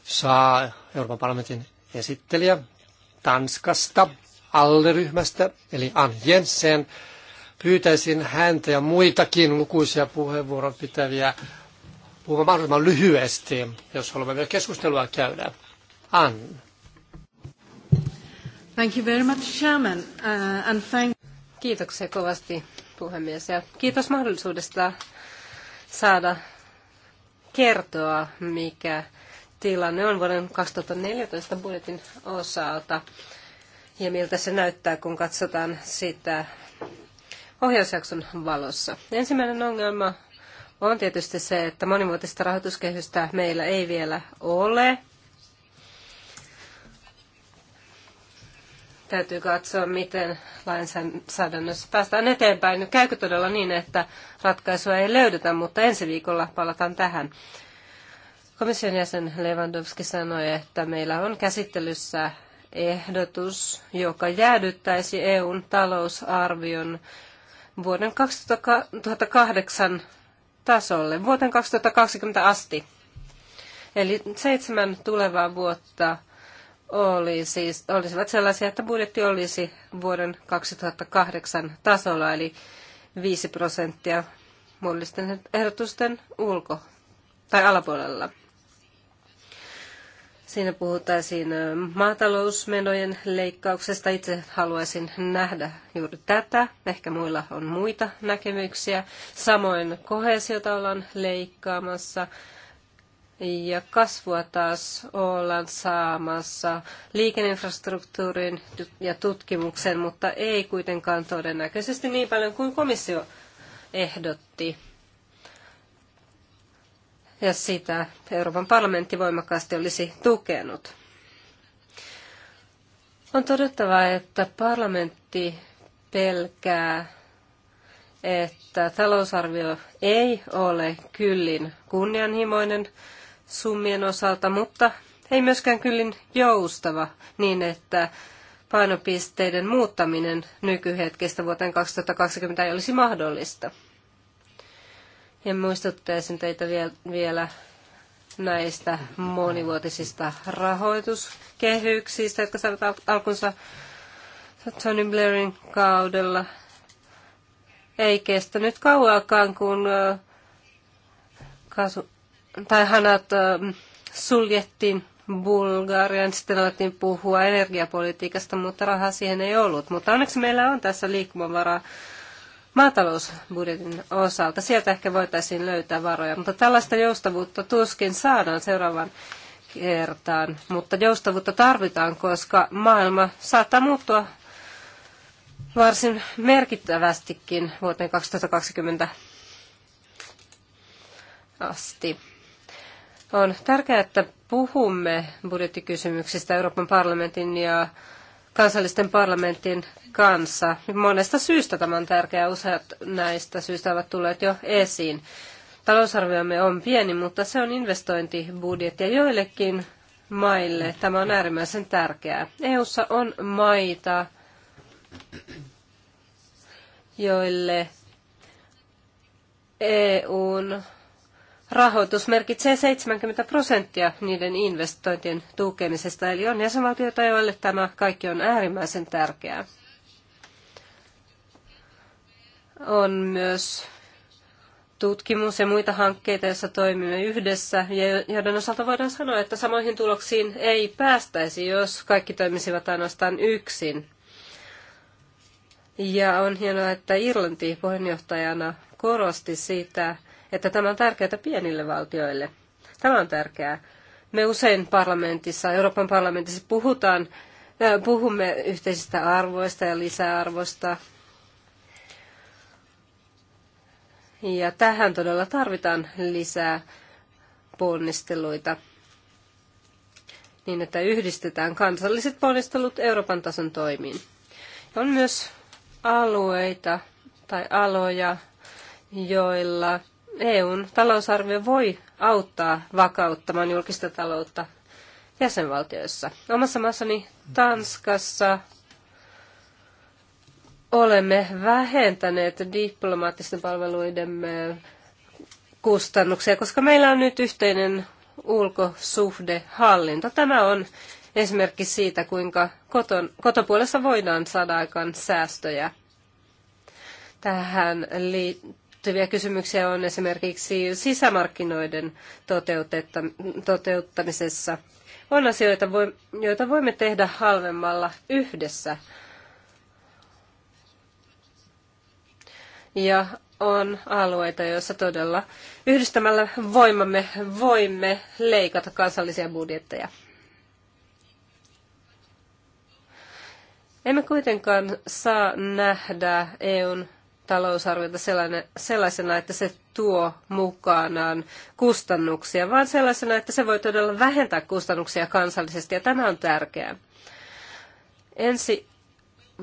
saa Euroopan parlamentin esittelijä Tanskasta, alleryhmästä, eli Ann Jensen. Pyytäisin häntä ja muitakin lukuisia puheenvuoron pitäviä puhumaan mahdollisimman lyhyesti, jos haluamme vielä keskustelua käydä. Ann. Thank you very much, Chairman, uh, and thank... Kiitoksia kovasti, puhemies, ja kiitos mahdollisuudesta saada kertoa, mikä tilanne on vuoden 2014 budjetin osalta ja miltä se näyttää, kun katsotaan sitä ohjausjakson valossa. Ensimmäinen ongelma on tietysti se, että monimuotoista rahoituskehystä meillä ei vielä ole. Täytyy katsoa, miten lainsäädännössä päästään eteenpäin. Käykö todella niin, että ratkaisua ei löydetä, mutta ensi viikolla palataan tähän. Komission jäsen Lewandowski sanoi, että meillä on käsittelyssä ehdotus, joka jäädyttäisi EUn talousarvion vuoden 2008 tasolle, vuoteen 2020 asti. Eli seitsemän tulevaa vuotta oli siis, olisivat sellaisia, että budjetti olisi vuoden 2008 tasolla, eli 5 prosenttia muodollisten ehdotusten ulko- tai alapuolella. Siinä puhuttaisiin maatalousmenojen leikkauksesta. Itse haluaisin nähdä juuri tätä. Ehkä muilla on muita näkemyksiä. Samoin kohesiota ollaan leikkaamassa ja kasvua taas ollaan saamassa liikenneinfrastruktuurin ja tutkimuksen, mutta ei kuitenkaan todennäköisesti niin paljon kuin komissio ehdotti. Ja sitä Euroopan parlamentti voimakkaasti olisi tukenut. On todettava, että parlamentti pelkää, että talousarvio ei ole kyllin kunnianhimoinen summien osalta, mutta ei myöskään kyllin joustava niin, että painopisteiden muuttaminen nykyhetkestä vuoteen 2020 ei olisi mahdollista. Ja muistuttaisin teitä vielä näistä monivuotisista rahoituskehyksistä, jotka saivat alkunsa Tony Blairin kaudella. Ei kestänyt kauankaan, kun kasu, tai hanat ähm, suljettiin Bulgarian, niin sitten alettiin puhua energiapolitiikasta, mutta rahaa siihen ei ollut. Mutta onneksi meillä on tässä liikkumavaraa maatalousbudjetin osalta. Sieltä ehkä voitaisiin löytää varoja, mutta tällaista joustavuutta tuskin saadaan seuraavan kertaan. Mutta joustavuutta tarvitaan, koska maailma saattaa muuttua varsin merkittävästikin vuoteen 2020 asti. On tärkeää, että puhumme budjettikysymyksistä Euroopan parlamentin ja kansallisten parlamenttien kanssa. Monesta syystä tämä on tärkeää. Useat näistä syistä ovat tulleet jo esiin. Talousarviomme on pieni, mutta se on investointibudjetti ja joillekin maille tämä on äärimmäisen tärkeää. EU:ssa on maita, joille EUn rahoitus merkitsee 70 prosenttia niiden investointien tukemisesta, eli on jäsenvaltioita, joille tämä kaikki on äärimmäisen tärkeää. On myös tutkimus- ja muita hankkeita, joissa toimimme yhdessä, ja joiden osalta voidaan sanoa, että samoihin tuloksiin ei päästäisi, jos kaikki toimisivat ainoastaan yksin. Ja on hienoa, että Irlanti puheenjohtajana korosti sitä, että tämä on tärkeää pienille valtioille. Tämä on tärkeää. Me usein parlamentissa, Euroopan parlamentissa puhutaan, puhumme yhteisistä arvoista ja lisäarvosta. Ja tähän todella tarvitaan lisää ponnisteluita niin, että yhdistetään kansalliset ponnistelut Euroopan tason toimiin. On myös alueita tai aloja, joilla EUn talousarvio voi auttaa vakauttamaan julkista taloutta jäsenvaltioissa. Omassa maassani Tanskassa olemme vähentäneet diplomaattisten palveluidemme kustannuksia, koska meillä on nyt yhteinen ulkosuhdehallinto. Tämä on esimerkki siitä, kuinka koton, kotopuolessa voidaan saada aikaan säästöjä. Tähän liittyy liittyviä kysymyksiä on esimerkiksi sisämarkkinoiden toteuttamisessa. On asioita, joita voimme tehdä halvemmalla yhdessä. Ja on alueita, joissa todella yhdistämällä voimamme voimme leikata kansallisia budjetteja. Emme kuitenkaan saa nähdä EUn talousarviota sellaisena, että se tuo mukanaan kustannuksia, vaan sellaisena, että se voi todella vähentää kustannuksia kansallisesti, ja tämä on tärkeää. Ensi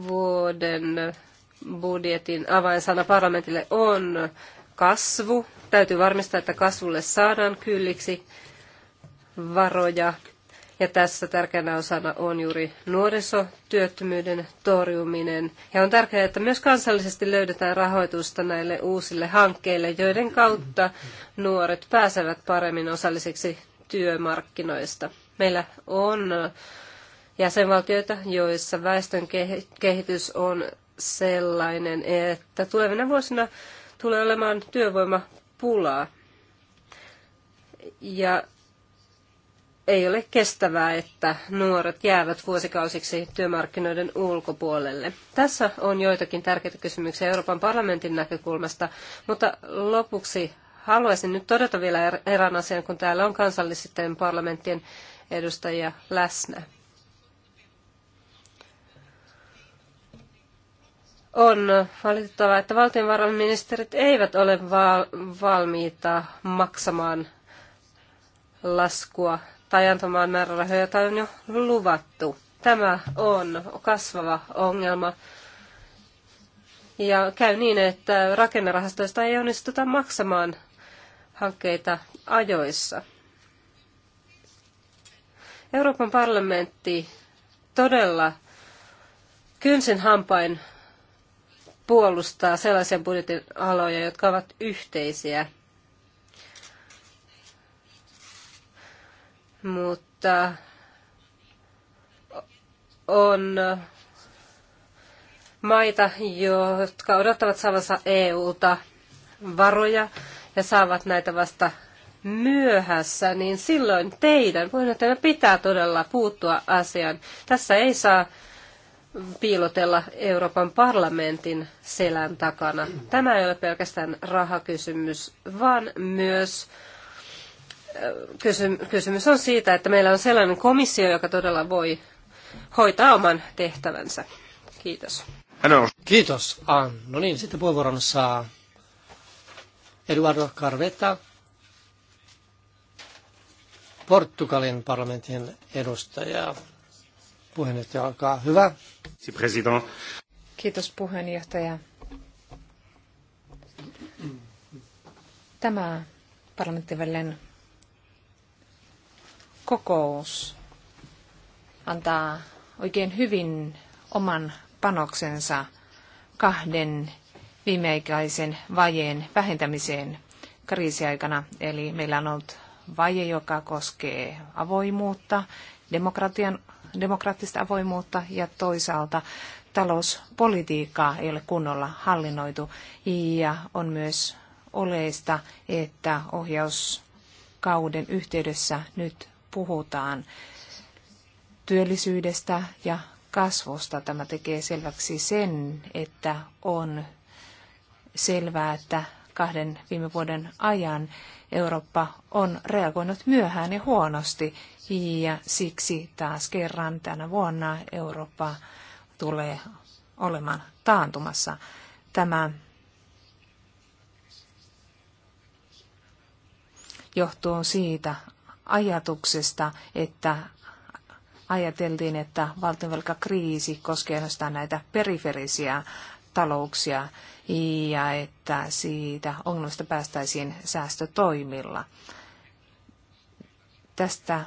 vuoden budjetin avainsana parlamentille on kasvu. Täytyy varmistaa, että kasvulle saadaan kylliksi varoja ja tässä tärkeänä osana on juuri nuorisotyöttömyyden torjuminen. Ja on tärkeää, että myös kansallisesti löydetään rahoitusta näille uusille hankkeille, joiden kautta nuoret pääsevät paremmin osallisiksi työmarkkinoista. Meillä on jäsenvaltioita, joissa väestön kehitys on sellainen, että tulevina vuosina tulee olemaan työvoimapulaa. Ja ei ole kestävää, että nuoret jäävät vuosikausiksi työmarkkinoiden ulkopuolelle. Tässä on joitakin tärkeitä kysymyksiä Euroopan parlamentin näkökulmasta, mutta lopuksi haluaisin nyt todeta vielä er- erään asian, kun täällä on kansallisten parlamenttien edustajia läsnä. On valitettavaa, että valtionvarainministerit eivät ole valmiita maksamaan laskua tai antamaan määrärahoja, joita on jo luvattu. Tämä on kasvava ongelma. Ja käy niin, että rakennerahastoista ei onnistuta maksamaan hankkeita ajoissa. Euroopan parlamentti todella kynsin hampain puolustaa sellaisia budjetin aloja, jotka ovat yhteisiä mutta on maita, jotka odottavat saavansa EUlta varoja ja saavat näitä vasta myöhässä, niin silloin teidän puheenjohtajana pitää todella puuttua asiaan. Tässä ei saa piilotella Euroopan parlamentin selän takana. Tämä ei ole pelkästään rahakysymys, vaan myös kysymys on siitä, että meillä on sellainen komissio, joka todella voi hoitaa oman tehtävänsä. Kiitos. Kiitos, Ah, No niin, sitten puheenvuoron saa Eduardo Carveta, Portugalin parlamentin edustaja. Puheenjohtaja, olkaa hyvä. Kiitos puheenjohtaja. Tämä parlamenttivälinen kokous antaa oikein hyvin oman panoksensa kahden viimeaikaisen vajeen vähentämiseen kriisiaikana. Eli meillä on ollut vaje, joka koskee avoimuutta, demokratian, demokraattista avoimuutta ja toisaalta talouspolitiikkaa ei ole kunnolla hallinnoitu. Ja on myös oleista, että ohjauskauden yhteydessä nyt puhutaan työllisyydestä ja kasvusta. Tämä tekee selväksi sen, että on selvää, että kahden viime vuoden ajan Eurooppa on reagoinut myöhään ja huonosti. Ja siksi taas kerran tänä vuonna Eurooppa tulee olemaan taantumassa. Tämä johtuu siitä ajatuksesta, että ajateltiin, että valtionvelkakriisi koskee ainoastaan näitä periferisiä talouksia ja että siitä ongelmasta päästäisiin säästötoimilla. Tästä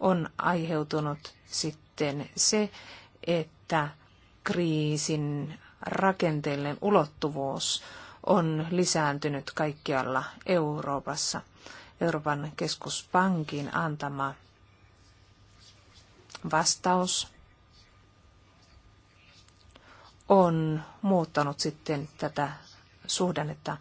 on aiheutunut sitten se, että kriisin rakenteellinen ulottuvuus on lisääntynyt kaikkialla Euroopassa. Euroopan keskuspankin antama vastaus on muuttanut sitten tätä suhdannetta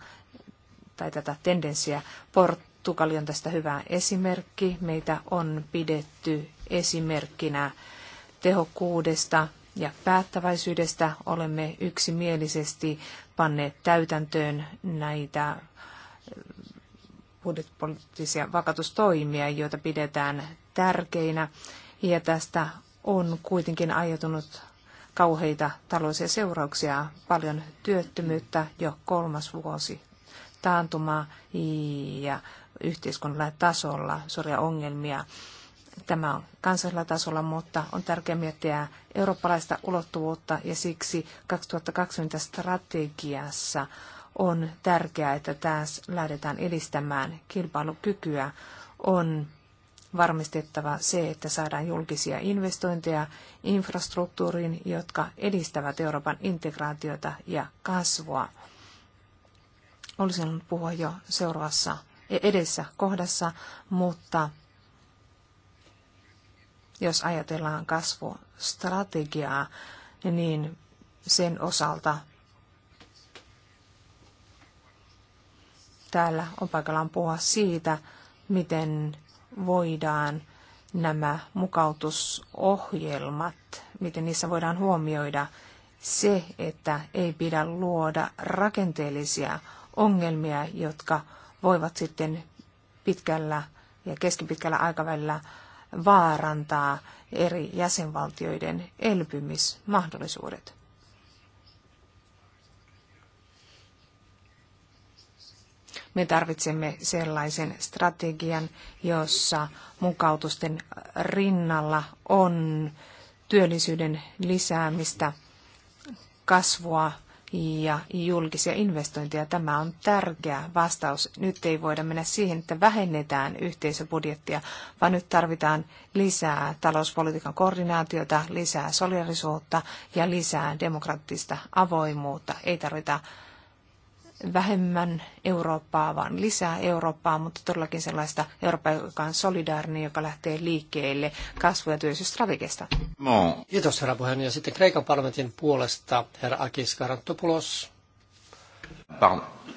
tai tätä tendenssiä. Portugali on tästä hyvä esimerkki. Meitä on pidetty esimerkkinä tehokkuudesta ja päättäväisyydestä. Olemme yksimielisesti panneet täytäntöön näitä budjettipoliittisia vakautustoimia, joita pidetään tärkeinä. Ja tästä on kuitenkin aiheutunut kauheita taloudellisia seurauksia, paljon työttömyyttä jo kolmas vuosi taantumaa ja yhteiskunnalla tasolla suuria ongelmia. Tämä on kansallisella tasolla, mutta on tärkeää miettiä eurooppalaista ulottuvuutta ja siksi 2020 strategiassa on tärkeää, että taas lähdetään edistämään kilpailukykyä. On varmistettava se, että saadaan julkisia investointeja infrastruktuuriin, jotka edistävät Euroopan integraatiota ja kasvua. Olisin ollut puhua jo seuraavassa edessä kohdassa, mutta jos ajatellaan kasvustrategiaa, niin sen osalta täällä on paikallaan puhua siitä, miten voidaan nämä mukautusohjelmat, miten niissä voidaan huomioida se, että ei pidä luoda rakenteellisia ongelmia, jotka voivat sitten pitkällä ja keskipitkällä aikavälillä vaarantaa eri jäsenvaltioiden elpymismahdollisuudet. Me tarvitsemme sellaisen strategian, jossa mukautusten rinnalla on työllisyyden lisäämistä, kasvua ja julkisia investointeja. Tämä on tärkeä vastaus. Nyt ei voida mennä siihen, että vähennetään yhteisöbudjettia, vaan nyt tarvitaan lisää talouspolitiikan koordinaatiota, lisää solidarisuutta ja lisää demokraattista avoimuutta. Ei tarvita vähemmän Eurooppaa, vaan lisää Eurooppaa, mutta todellakin sellaista Eurooppaa, joka on solidaarinen, joka lähtee liikkeelle kasvu- ja työllisyysstrategiasta. No. Kiitos herra puheenjohtaja. Sitten Kreikan parlamentin puolesta herra Akis Karantopoulos.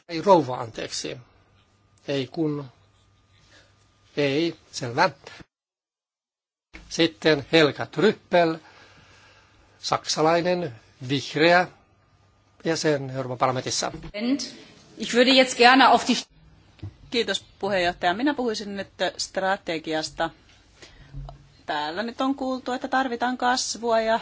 Ei rouva, anteeksi. Ei kun. Ei, selvä. Sitten Helga Tryppel, saksalainen, vihreä jäsen Euroopan parlamentissa. Ich würde jetzt gerne auf die... Kiitos puheenjohtaja. Minä puhuisin nyt strategiasta. Täällä nyt on kuultu, että tarvitaan kasvua ja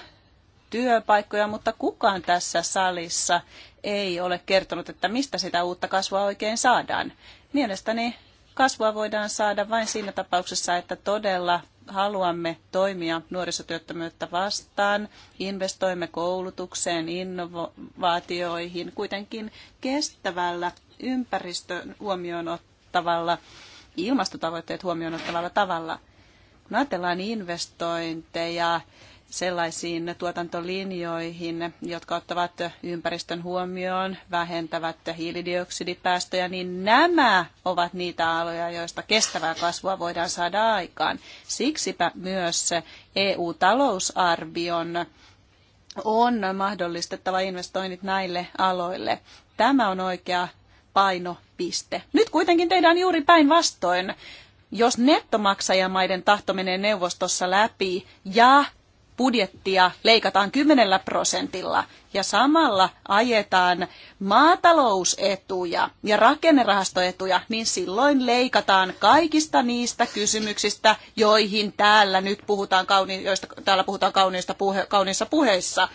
työpaikkoja, mutta kukaan tässä salissa ei ole kertonut, että mistä sitä uutta kasvua oikein saadaan. Mielestäni kasvua voidaan saada vain siinä tapauksessa, että todella haluamme toimia nuorisotyöttömyyttä vastaan, investoimme koulutukseen, innovaatioihin, kuitenkin kestävällä ympäristön huomioon ottavalla, ilmastotavoitteet huomioon ottavalla tavalla. Kun ajatellaan investointeja, sellaisiin tuotantolinjoihin, jotka ottavat ympäristön huomioon, vähentävät hiilidioksidipäästöjä, niin nämä ovat niitä aloja, joista kestävää kasvua voidaan saada aikaan. Siksipä myös EU-talousarvion on mahdollistettava investoinnit näille aloille. Tämä on oikea painopiste. Nyt kuitenkin tehdään juuri päinvastoin. Jos nettomaksajamaiden tahto menee neuvostossa läpi ja budjettia leikataan 10 prosentilla ja samalla ajetaan maatalousetuja ja rakennerahastoetuja, niin silloin leikataan kaikista niistä kysymyksistä, joihin täällä nyt puhutaan, kauni- joista täällä puhutaan kauniista puhe- kauniissa puheissa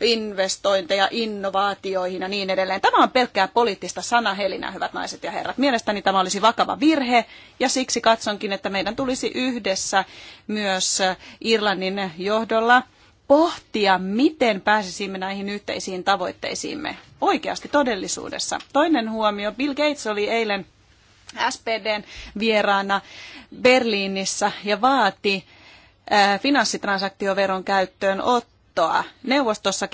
investointeja innovaatioihin ja niin edelleen. Tämä on pelkkää poliittista sanahelinää, hyvät naiset ja herrat. Mielestäni tämä olisi vakava virhe ja siksi katsonkin, että meidän tulisi yhdessä myös Irlannin johdolla pohtia, miten pääsisimme näihin yhteisiin tavoitteisiimme oikeasti todellisuudessa. Toinen huomio, Bill Gates oli eilen SPDn vieraana Berliinissä ja vaati äh, finanssitransaktioveron käyttöön ottaa NATOa. Neuvostossa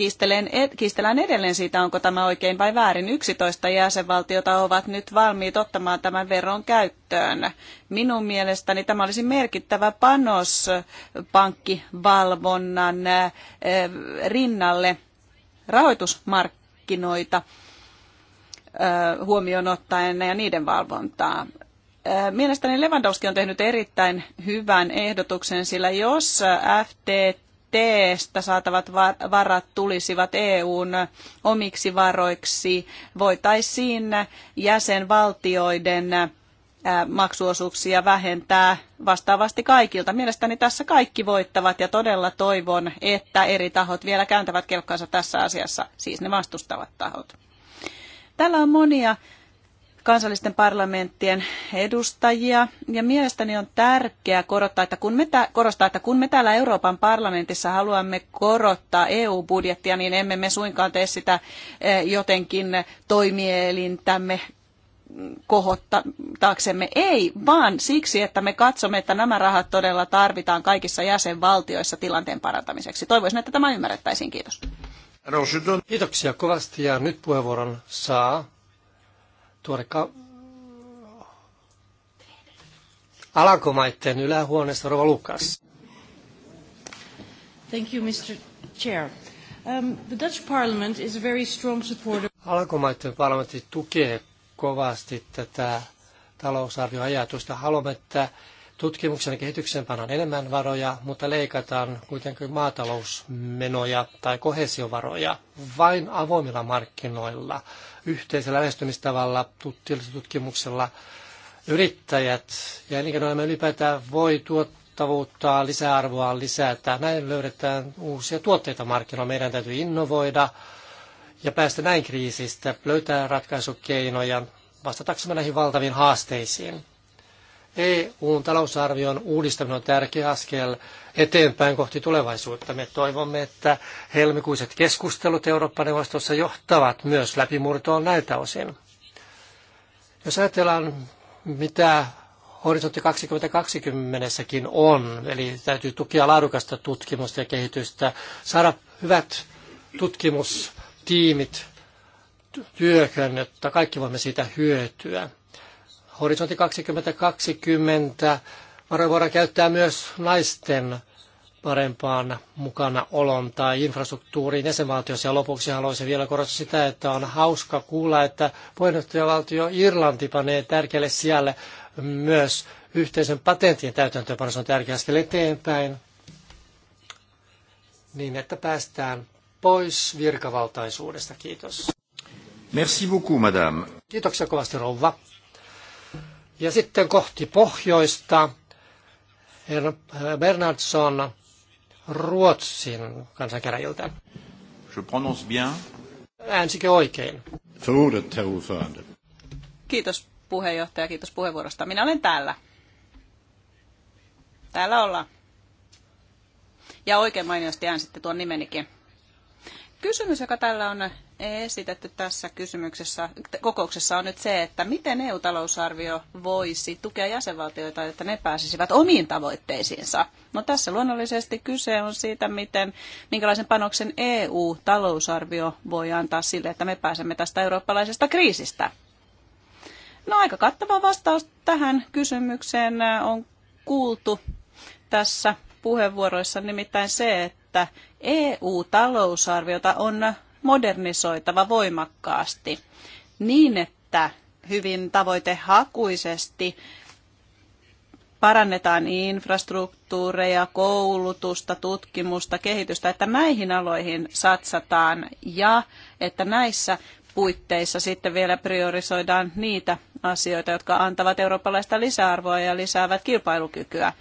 kiistellään edelleen siitä, onko tämä oikein vai väärin. 11 jäsenvaltiota ovat nyt valmiit ottamaan tämän veron käyttöön. Minun mielestäni tämä olisi merkittävä panos pankkivalvonnan eh, rinnalle rahoitusmarkkinoita eh, huomioon ottaen ja niiden valvontaa. Eh, mielestäni Lewandowski on tehnyt erittäin hyvän ehdotuksen, sillä jos FTT TEE:stä saatavat varat tulisivat EUn omiksi varoiksi, voitaisiin jäsenvaltioiden maksuosuuksia vähentää vastaavasti kaikilta. Mielestäni tässä kaikki voittavat ja todella toivon, että eri tahot vielä kääntävät kelkkansa tässä asiassa, siis ne vastustavat tahot. Täällä on monia kansallisten parlamenttien edustajia. Ja mielestäni on tärkeää korottaa, että kun me korostaa, että kun me täällä Euroopan parlamentissa haluamme korottaa EU-budjettia, niin emme me suinkaan tee sitä eh, jotenkin toimielintämme kohottaaksemme. Ei, vaan siksi, että me katsomme, että nämä rahat todella tarvitaan kaikissa jäsenvaltioissa tilanteen parantamiseksi. Toivoisin, että tämä ymmärrettäisiin. Kiitos. Kiitoksia kovasti ja nyt puheenvuoron saa tuoda ka- Alankomaiden ylähuoneesta Rova Lukas. Thank you, Mr. Chair. Um, the Dutch Parliament is a very strong supporter. Alankomaiden parlamentti tukee kovasti tätä talousarvioajatusta. Haluamme, että Tutkimuksen ja kehityksen pannaan enemmän varoja, mutta leikataan kuitenkin maatalousmenoja tai kohesiovaroja vain avoimilla markkinoilla, yhteisellä lähestymistavalla, tutkimuksella. Yrittäjät ja elinkeinoelämä ylipäätään voi tuottavuutta, lisäarvoa lisätä. Näin löydetään uusia tuotteita markkinoilla. Meidän täytyy innovoida ja päästä näin kriisistä, löytää ratkaisukeinoja vastataksemme näihin valtaviin haasteisiin. EUn talousarvion uudistaminen on tärkeä askel eteenpäin kohti tulevaisuutta. Me toivomme, että helmikuiset keskustelut Eurooppa-neuvostossa johtavat myös läpimurtoon näiltä osin. Jos ajatellaan, mitä Horisontti 2020kin on, eli täytyy tukea laadukasta tutkimusta ja kehitystä, saada hyvät tutkimustiimit työkön, jotta kaikki voimme siitä hyötyä. Horisontti 2020 varoja voidaan käyttää myös naisten parempaan mukana olon tai infrastruktuuriin jäsenvaltiossa. Ja lopuksi haluaisin vielä korostaa sitä, että on hauska kuulla, että puheenjohtajavaltio Irlanti panee tärkeälle sijalle myös yhteisen patentin täytäntöönpanossa on tärkeä askel eteenpäin, niin että päästään pois virkavaltaisuudesta. Kiitos. Merci beaucoup, madame. Kiitoksia kovasti, rouva. Ja sitten kohti pohjoista herra Bernardsson Ruotsin kansankäräjiltä. Je prononce bien. Äänsikö oikein? Förordet, herr Kiitos puheenjohtaja, kiitos puheenvuorosta. Minä olen täällä. Täällä ollaan. Ja oikein mainiosti äänsitte tuon nimenikin. Kysymys, joka tällä on esitetty tässä kysymyksessä, kokouksessa, on nyt se, että miten EU-talousarvio voisi tukea jäsenvaltioita, että ne pääsisivät omiin tavoitteisiinsa. No tässä luonnollisesti kyse on siitä, miten, minkälaisen panoksen EU-talousarvio voi antaa sille, että me pääsemme tästä eurooppalaisesta kriisistä. No aika kattava vastaus tähän kysymykseen on kuultu tässä puheenvuoroissa, nimittäin se, että että EU-talousarviota on modernisoitava voimakkaasti niin, että hyvin tavoitehakuisesti parannetaan infrastruktuureja, koulutusta, tutkimusta, kehitystä, että näihin aloihin satsataan ja että näissä puitteissa sitten vielä priorisoidaan niitä asioita, jotka antavat eurooppalaista lisäarvoa ja lisäävät kilpailukykyä.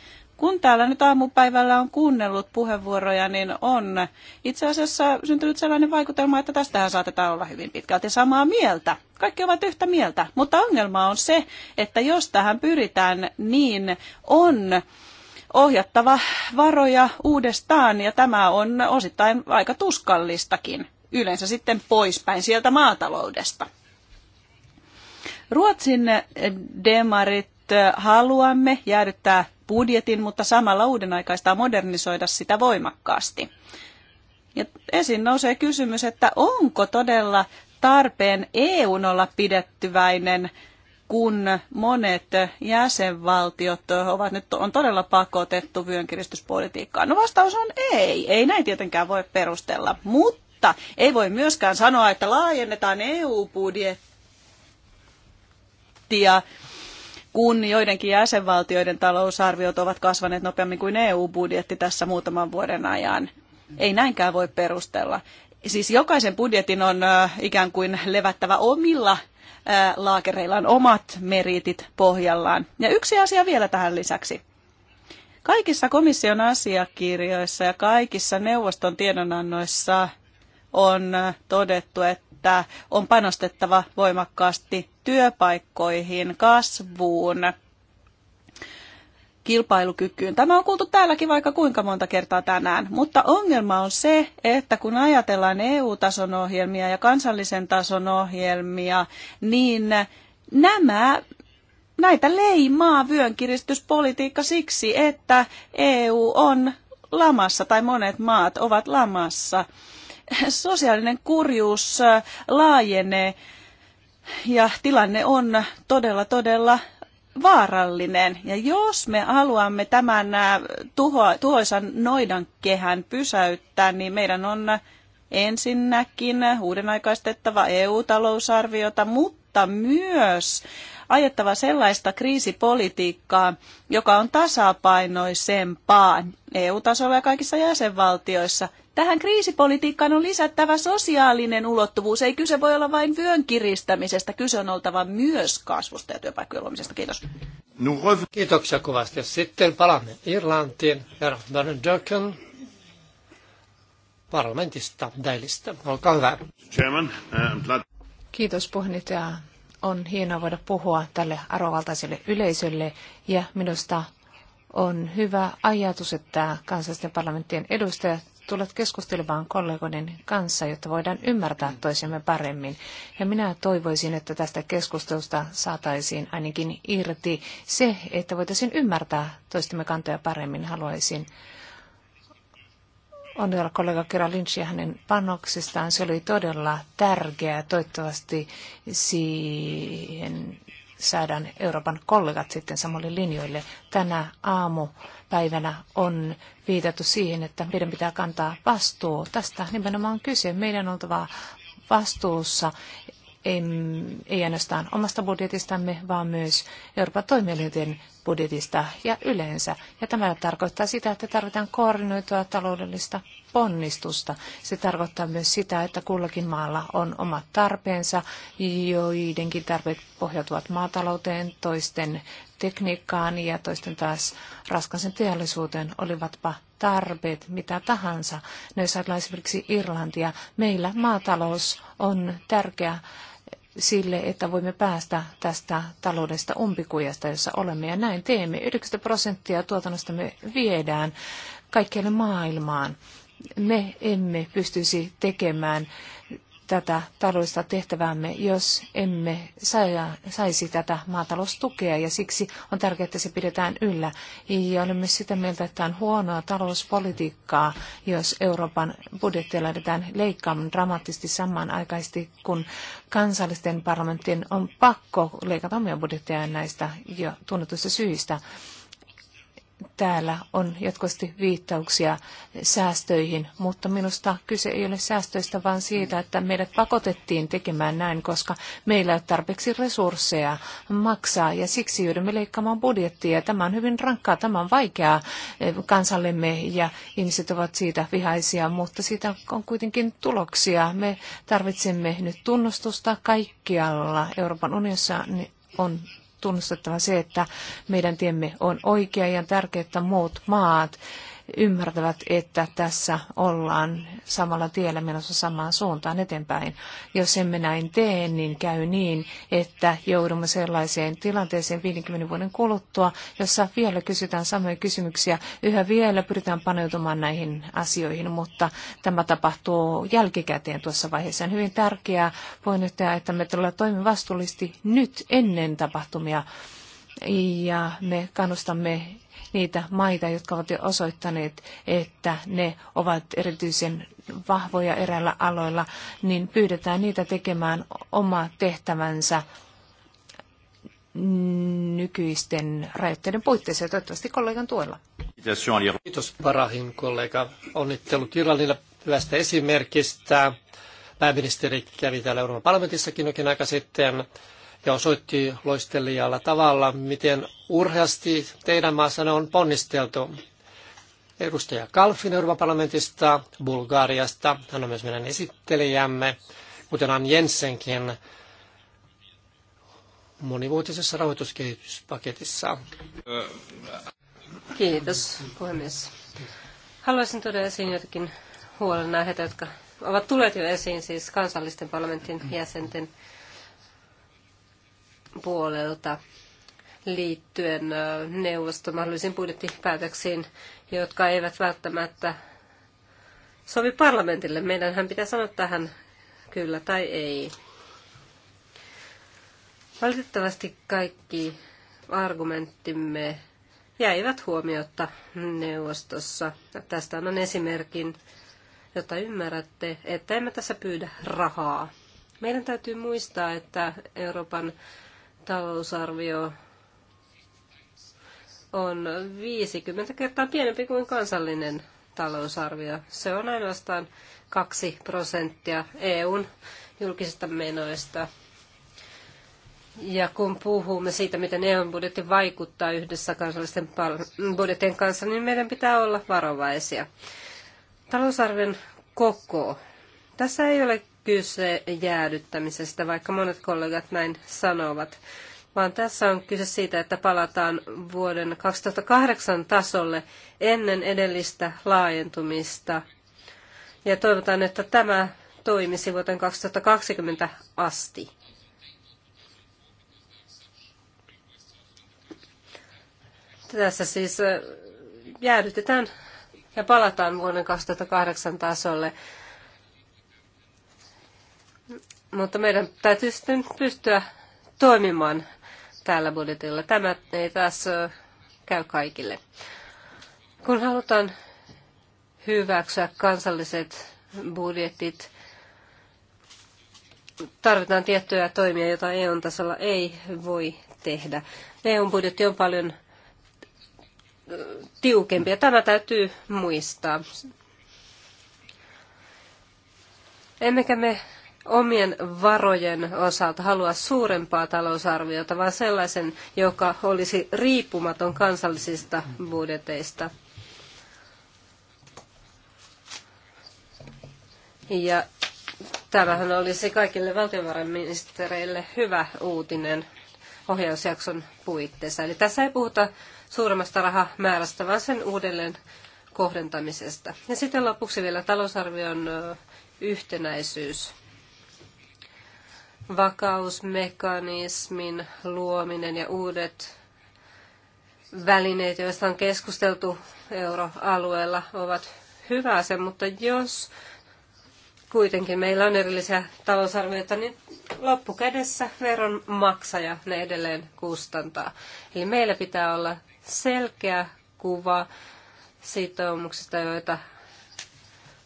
Kun täällä nyt aamupäivällä on kuunnellut puheenvuoroja, niin on itse asiassa syntynyt sellainen vaikutelma, että tästähän saatetaan olla hyvin pitkälti samaa mieltä. Kaikki ovat yhtä mieltä, mutta ongelma on se, että jos tähän pyritään, niin on ohjattava varoja uudestaan ja tämä on osittain aika tuskallistakin, yleensä sitten poispäin sieltä maataloudesta. Ruotsin demarit haluamme jäädyttää budjetin, mutta samalla uudenaikaista modernisoida sitä voimakkaasti. Ja esiin nousee kysymys, että onko todella tarpeen EUn olla pidettyväinen, kun monet jäsenvaltiot ovat nyt on todella pakotettu vyönkiristyspolitiikkaan? No vastaus on ei. Ei näin tietenkään voi perustella. Mutta ei voi myöskään sanoa, että laajennetaan EU-budjettia kun joidenkin jäsenvaltioiden talousarviot ovat kasvaneet nopeammin kuin EU-budjetti tässä muutaman vuoden ajan. Ei näinkään voi perustella. Siis jokaisen budjetin on ikään kuin levättävä omilla laakereillaan omat meritit pohjallaan. Ja yksi asia vielä tähän lisäksi. Kaikissa komission asiakirjoissa ja kaikissa neuvoston tiedonannoissa on todettu, että on panostettava voimakkaasti työpaikkoihin, kasvuun, kilpailukykyyn. Tämä on kuultu täälläkin vaikka kuinka monta kertaa tänään, mutta ongelma on se, että kun ajatellaan EU-tason ohjelmia ja kansallisen tason ohjelmia, niin nämä näitä leimaa vyönkiristyspolitiikka siksi, että EU on lamassa tai monet maat ovat lamassa. Sosiaalinen kurjuus laajenee ja tilanne on todella, todella vaarallinen. Ja jos me haluamme tämän äh, tuho, tuhoisan noidan kehän pysäyttää, niin meidän on ensinnäkin uudenaikaistettava EU-talousarviota, mutta myös ajettava sellaista kriisipolitiikkaa, joka on tasapainoisempaa EU-tasolla ja kaikissa jäsenvaltioissa. Tähän kriisipolitiikkaan on lisättävä sosiaalinen ulottuvuus. Ei kyse voi olla vain vyön kiristämisestä, kyse on oltava myös kasvusta ja työpaikkojen luomisesta. Kiitos. Kiitoksia kovasti. Sitten palaamme Irlantiin. Herra Durkin parlamentista Dälistä. Olkaa hyvä. Chairman, uh, Kiitos puheenjohtaja on hienoa voida puhua tälle arvovaltaiselle yleisölle ja minusta on hyvä ajatus, että kansallisten parlamenttien edustajat tulet keskustelemaan kollegoiden kanssa, jotta voidaan ymmärtää toisemme paremmin. Ja minä toivoisin, että tästä keskustelusta saataisiin ainakin irti se, että voitaisiin ymmärtää toistemme kantoja paremmin. Haluaisin onnitella kollega Kera Lynchia hänen panoksistaan. Se oli todella tärkeää. Toivottavasti siihen saadaan Euroopan kollegat sitten samalle linjoille. Tänä aamupäivänä on viitattu siihen, että meidän pitää kantaa vastuu. Tästä nimenomaan on kyse. Meidän on oltava vastuussa ei, ei ainoastaan omasta budjetistamme, vaan myös Euroopan toimielinten budjetista ja yleensä. Ja tämä tarkoittaa sitä, että tarvitaan koordinoitua taloudellista ponnistusta. Se tarkoittaa myös sitä, että kullakin maalla on omat tarpeensa, joidenkin tarpeet pohjautuvat maatalouteen, toisten tekniikkaan ja toisten taas raskaisen teollisuuteen, olivatpa tarpeet mitä tahansa. Ne no saadaan esimerkiksi Irlantia, meillä maatalous on tärkeä sille, että voimme päästä tästä taloudesta umpikujasta, jossa olemme. Ja näin teemme. 90 prosenttia tuotannosta me viedään kaikkeen maailmaan. Me emme pystyisi tekemään tätä taloudellista tehtäväämme, jos emme saisi tätä maataloustukea ja siksi on tärkeää, että se pidetään yllä. Ja olemme sitä mieltä, että on huonoa talouspolitiikkaa, jos Euroopan budjettia lähdetään leikkaamaan dramaattisesti samanaikaisesti, kun kansallisten parlamenttien on pakko leikata omia budjettejaan näistä jo tunnetuista syistä täällä on jatkuvasti viittauksia säästöihin, mutta minusta kyse ei ole säästöistä, vaan siitä, että meidät pakotettiin tekemään näin, koska meillä ei ole tarpeeksi resursseja maksaa ja siksi joudumme leikkaamaan budjettia. Tämä on hyvin rankkaa, tämä on vaikeaa eh, kansallemme ja ihmiset ovat siitä vihaisia, mutta siitä on kuitenkin tuloksia. Me tarvitsemme nyt tunnustusta kaikkialla Euroopan unionissa on tunnustettava se, että meidän tiemme on oikea ja on tärkeää, että muut maat ymmärtävät, että tässä ollaan samalla tiellä menossa samaan suuntaan eteenpäin. Jos emme näin tee, niin käy niin, että joudumme sellaiseen tilanteeseen 50 vuoden kuluttua, jossa vielä kysytään samoja kysymyksiä. Yhä vielä pyritään paneutumaan näihin asioihin, mutta tämä tapahtuu jälkikäteen tuossa vaiheessa. On hyvin tärkeää puheenjohtaja, että me tullaan toimi vastuullisesti nyt ennen tapahtumia ja me kannustamme niitä maita, jotka ovat jo osoittaneet, että ne ovat erityisen vahvoja eräillä aloilla, niin pyydetään niitä tekemään oma tehtävänsä nykyisten rajoitteiden puitteissa ja toivottavasti kollegan tuella. Kiitos Parahin kollega. Onnittelut Irlannille hyvästä esimerkistä. Pääministeri kävi täällä Euroopan parlamentissakin jokin aika sitten ja osoitti loistelijalla tavalla, miten urheasti teidän maassanne on ponnisteltu. Edustaja Kalfin Euroopan parlamentista, Bulgariasta, hän on myös meidän esittelijämme, kuten on Jensenkin monivuotisessa rahoituskehityspaketissa. Kiitos, puhemies. Haluaisin tuoda esiin jotakin huolenaiheita, jotka ovat tulleet jo esiin siis kansallisten parlamentin jäsenten puolelta liittyen neuvoston mahdollisiin budjettipäätöksiin, jotka eivät välttämättä sovi parlamentille. Meidänhän pitää sanoa tähän kyllä tai ei. Valitettavasti kaikki argumenttimme jäivät huomiotta neuvostossa. Tästä on esimerkin, jotta ymmärrätte, että emme tässä pyydä rahaa. Meidän täytyy muistaa, että Euroopan talousarvio on 50 kertaa pienempi kuin kansallinen talousarvio. Se on ainoastaan 2 prosenttia EUn julkisista menoista. Ja kun puhumme siitä, miten EUn budjetti vaikuttaa yhdessä kansallisten budjettien kanssa, niin meidän pitää olla varovaisia. Talousarvion koko. Tässä ei ole kyse jäädyttämisestä, vaikka monet kollegat näin sanovat, vaan tässä on kyse siitä, että palataan vuoden 2008 tasolle ennen edellistä laajentumista. Ja toivotaan, että tämä toimisi vuoteen 2020 asti. Tässä siis jäädytetään ja palataan vuoden 2008 tasolle. Mutta meidän täytyy sitten pystyä toimimaan tällä budjetilla. Tämä ei taas käy kaikille. Kun halutaan hyväksyä kansalliset budjetit, tarvitaan tiettyjä toimia, joita EU-tasolla ei voi tehdä. EU-budjetti on paljon tiukempi ja tämä täytyy muistaa. Emmekä me omien varojen osalta halua suurempaa talousarviota, vaan sellaisen, joka olisi riippumaton kansallisista budjeteista. Ja tämähän olisi kaikille valtiovarainministereille hyvä uutinen ohjausjakson puitteissa. Eli tässä ei puhuta suuremmasta rahamäärästä, vaan sen uudelleen kohdentamisesta. Ja sitten lopuksi vielä talousarvion yhtenäisyys vakausmekanismin luominen ja uudet välineet, joista on keskusteltu euroalueella, ovat hyvä asia, mutta jos kuitenkin meillä on erillisiä talousarvioita, niin loppukädessä veronmaksaja ne edelleen kustantaa. Eli meillä pitää olla selkeä kuva sitoumuksista, joita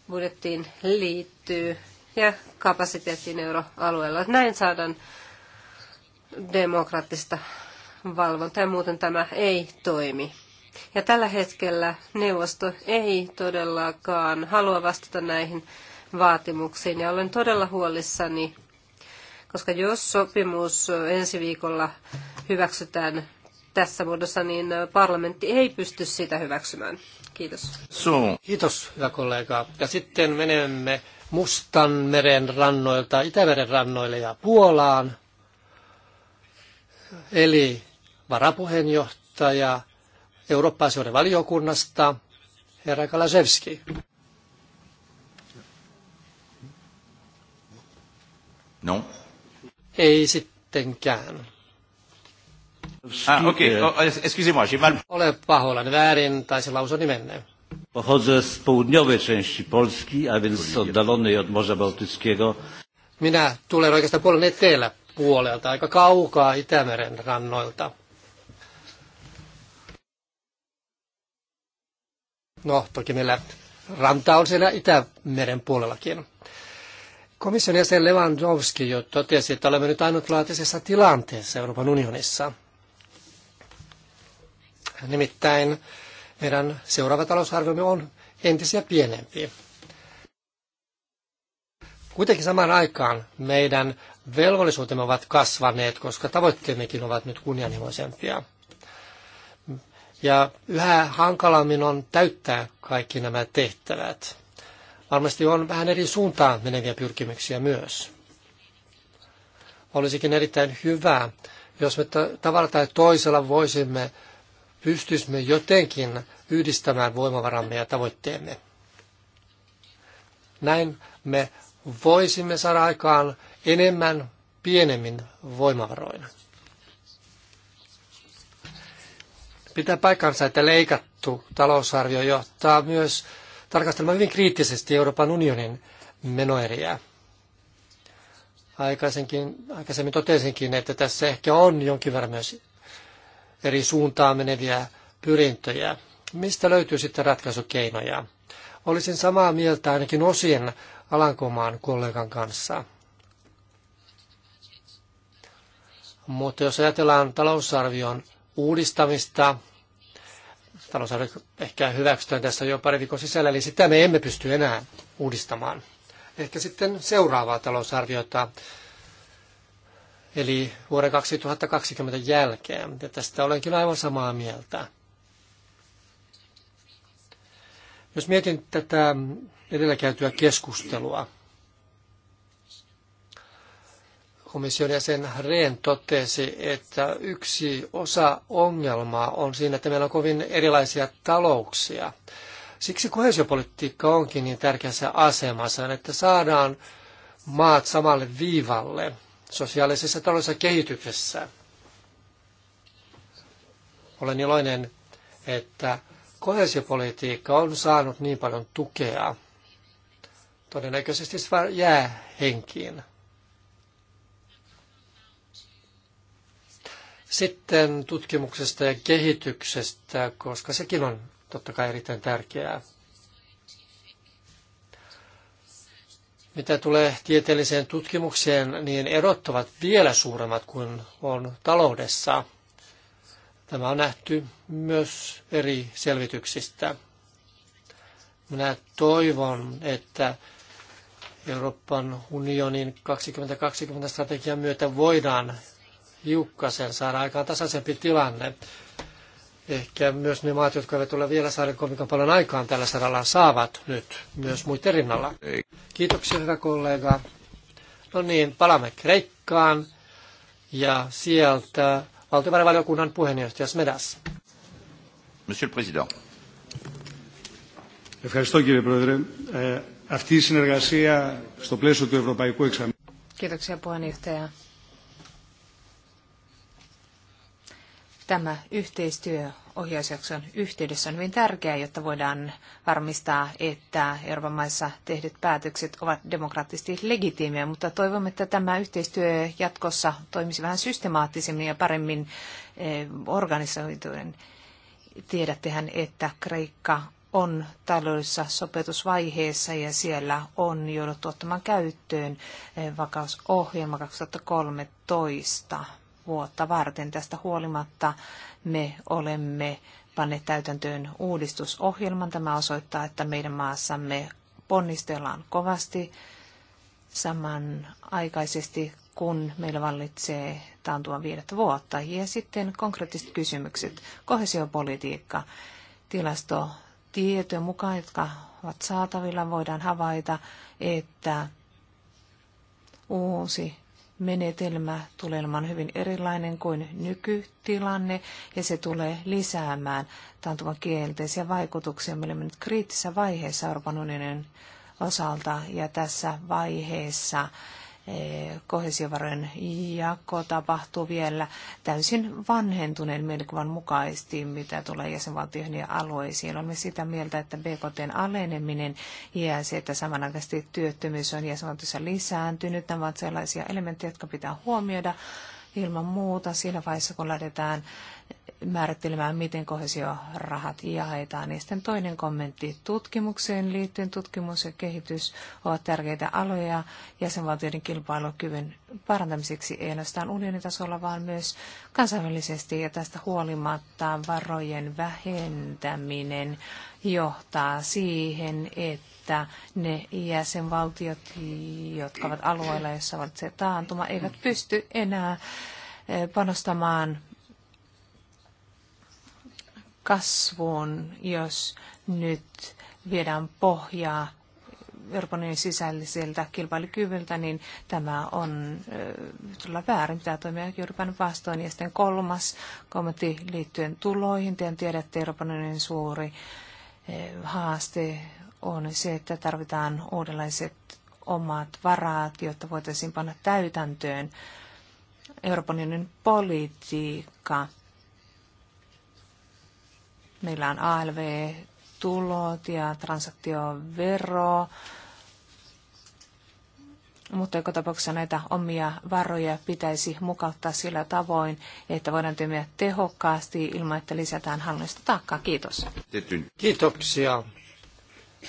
budjettiin liittyy ja kapasiteettiin euroalueella. Näin saadaan demokraattista valvontaa ja muuten tämä ei toimi. Ja tällä hetkellä neuvosto ei todellakaan halua vastata näihin vaatimuksiin ja olen todella huolissani, koska jos sopimus ensi viikolla hyväksytään tässä muodossa, niin parlamentti ei pysty sitä hyväksymään. Kiitos. Kiitos, hyvä kollega. Ja sitten menemme Mustanmeren rannoilta Itämeren rannoille ja Puolaan. Eli varapuheenjohtaja Eurooppa-asioiden valiokunnasta, herra Kalasevski. No. Ei sittenkään. Ah, okei. Oh, oh, mal. Ole pahoillani väärin, taisi lausua nimenne. Pochodzę z południowej części Polski, a więc z oddalonej od Morza Bałtyckiego. Minä tulen oikeastaan puolen eteläpuolelta, aika kaukaa Itämeren rannoilta. No, toki meillä ranta on siellä Itämeren puolellakin. Komission jäsen Lewandowski jo totesi, että olemme nyt ainutlaatuisessa tilanteessa Euroopan unionissa. Nimittäin meidän seuraava talousarviomme on entisiä pienempi. Kuitenkin samaan aikaan meidän velvollisuutemme ovat kasvaneet, koska tavoitteemmekin ovat nyt kunnianhimoisempia. Ja yhä hankalammin on täyttää kaikki nämä tehtävät. Varmasti on vähän eri suuntaan meneviä pyrkimyksiä myös. Olisikin erittäin hyvä, jos me tavalla tai toisella voisimme pystyisimme jotenkin yhdistämään voimavaramme ja tavoitteemme. Näin me voisimme saada aikaan enemmän pienemmin voimavaroin. Pitää paikkansa, että leikattu talousarvio johtaa myös tarkastelemaan hyvin kriittisesti Euroopan unionin menoeriä. aikaisemmin totesinkin, että tässä ehkä on jonkin verran myös eri suuntaan meneviä pyrintöjä. Mistä löytyy sitten ratkaisukeinoja? Olisin samaa mieltä ainakin osien Alankomaan kollegan kanssa. Mutta jos ajatellaan talousarvion uudistamista, talousarvio ehkä hyväksytään tässä jo pari viikon sisällä, eli sitä me emme pysty enää uudistamaan. Ehkä sitten seuraavaa talousarviota eli vuoden 2020 jälkeen. Ja tästä olen kyllä aivan samaa mieltä. Jos mietin tätä edellä käytyä keskustelua, komission jäsen Rehn totesi, että yksi osa ongelmaa on siinä, että meillä on kovin erilaisia talouksia. Siksi kohesiopolitiikka onkin niin tärkeässä asemassa, että saadaan maat samalle viivalle sosiaalisessa talossa kehityksessä. Olen iloinen, että kohesiopolitiikka on saanut niin paljon tukea. Todennäköisesti se jää henkiin. Sitten tutkimuksesta ja kehityksestä, koska sekin on totta kai erittäin tärkeää. mitä tulee tieteelliseen tutkimukseen, niin erot ovat vielä suuremmat kuin on taloudessa. Tämä on nähty myös eri selvityksistä. Minä toivon, että Euroopan unionin 2020 strategian myötä voidaan hiukkasen saada aikaan tasaisempi tilanne Ehkä myös ne maat, jotka eivät ole vielä saaneet kovinkaan paljon aikaan tällä saralla, saavat nyt myös muiden rinnalla. Kiitoksia, hyvä kollega. No niin, palaamme Kreikkaan ja sieltä valtiovarainvaliokunnan puheenjohtaja Smedas. Monsieur le Président. Ευχαριστώ κύριε Πρόεδρε. αυτή η συνεργασία στο πλαίσιο του Ευρωπαϊκού Εξαμήνου. Κοίταξε puheenjohtaja. Tämä yhteistyö ohjausjakson yhteydessä on hyvin tärkeää, jotta voidaan varmistaa, että Euroopan maissa tehdyt päätökset ovat demokraattisesti legitiimejä, mutta toivomme, että tämä yhteistyö jatkossa toimisi vähän systemaattisemmin ja paremmin eh, organisoituen. Tiedättehän, että Kreikka on taloudellisessa sopeutusvaiheessa ja siellä on jouduttu ottamaan käyttöön eh, vakausohjelma 2013 vuotta varten. Tästä huolimatta me olemme panneet täytäntöön uudistusohjelman. Tämä osoittaa, että meidän maassamme ponnistellaan kovasti samanaikaisesti, kun meillä vallitsee taantuman viidettä vuotta. Ja sitten konkreettiset kysymykset. Kohesiopolitiikka, tilastotietojen mukaan, jotka ovat saatavilla, voidaan havaita, että uusi menetelmä tulee olemaan hyvin erilainen kuin nykytilanne ja se tulee lisäämään taantuman kielteisiä vaikutuksia. Me olemme nyt kriittisessä vaiheessa Euroopan unionin osalta ja tässä vaiheessa Eh, kohesiovarojen jako tapahtuu vielä täysin vanhentuneen mielikuvan mukaisesti, mitä tulee jäsenvaltioihin ja alueisiin. Olemme sitä mieltä, että BKTn aleneminen ja se, että samanaikaisesti työttömyys on jäsenvaltiossa lisääntynyt, nämä ovat sellaisia elementtejä, jotka pitää huomioida ilman muuta siinä vaiheessa, kun lähdetään määrittelemään, miten kohesiorahat jaetaan. Ja sitten toinen kommentti tutkimukseen liittyen. Tutkimus ja kehitys ovat tärkeitä aloja jäsenvaltioiden kilpailukyvyn parantamiseksi, ei ainoastaan unionitasolla, vaan myös kansainvälisesti. Ja tästä huolimatta varojen vähentäminen johtaa siihen, että että ne jäsenvaltiot, jotka ovat alueella, jossa se taantuma, eivät pysty enää eh, panostamaan kasvuun, jos nyt viedään pohjaa Euroopan unionin sisälliseltä kilpailukyvyltä, niin tämä on eh, tulla väärin. Pitää toimia Euroopan vastoin. Ja sitten kolmas kommentti liittyen tuloihin. Te tiedätte Euroopan unionin suuri eh, haaste on se, että tarvitaan uudenlaiset omat varat, jotta voitaisiin panna täytäntöön Euroopan unionin politiikka. Meillä on ALV-tulot ja transaktiovero, mutta joka tapauksessa näitä omia varoja pitäisi mukauttaa sillä tavoin, että voidaan toimia tehokkaasti ilman, että lisätään hallinnollista taakkaa. Kiitos. Kiitoksia.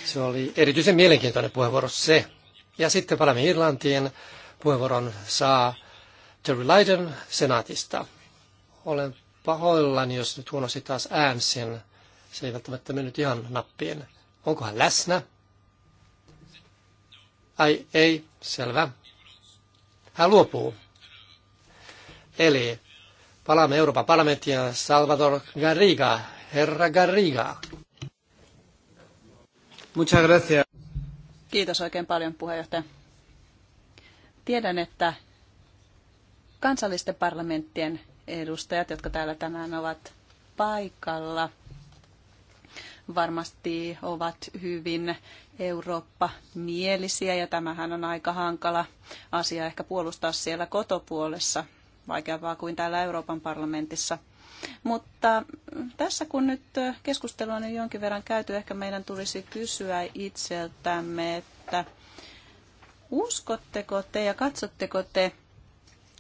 Se oli erityisen mielenkiintoinen puheenvuoro se. Ja sitten palaamme Irlantiin. Puheenvuoron saa Terry Lydon senaatista. Olen pahoillani, jos nyt huonosti taas äänsin. Se ei välttämättä mennyt ihan nappiin. Onko hän läsnä? Ai ei, selvä. Hän luopuu. Eli palaamme Euroopan parlamenttiin Salvador Garriga, herra Garriga. Muchas gracias. Kiitos oikein paljon puheenjohtaja. Tiedän, että kansallisten parlamenttien edustajat, jotka täällä tänään ovat paikalla, varmasti ovat hyvin Eurooppa-mielisiä ja tämähän on aika hankala asia ehkä puolustaa siellä kotopuolessa, vaikeampaa kuin täällä Euroopan parlamentissa. Mutta tässä kun nyt keskustelua on jo jonkin verran käyty, ehkä meidän tulisi kysyä itseltämme, että uskotteko te ja katsotteko te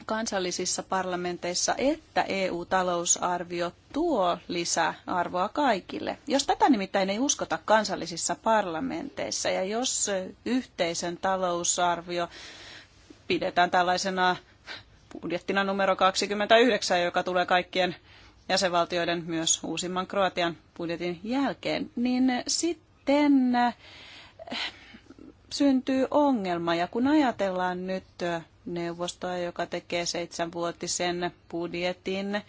kansallisissa parlamenteissa, että EU-talousarvio tuo lisäarvoa kaikille. Jos tätä nimittäin ei uskota kansallisissa parlamenteissa ja jos yhteisen talousarvio pidetään tällaisena budjettina numero 29, joka tulee kaikkien jäsenvaltioiden myös uusimman Kroatian budjetin jälkeen, niin sitten eh, syntyy ongelma. Ja kun ajatellaan nyt neuvostoa, joka tekee seitsemänvuotisen budjetin,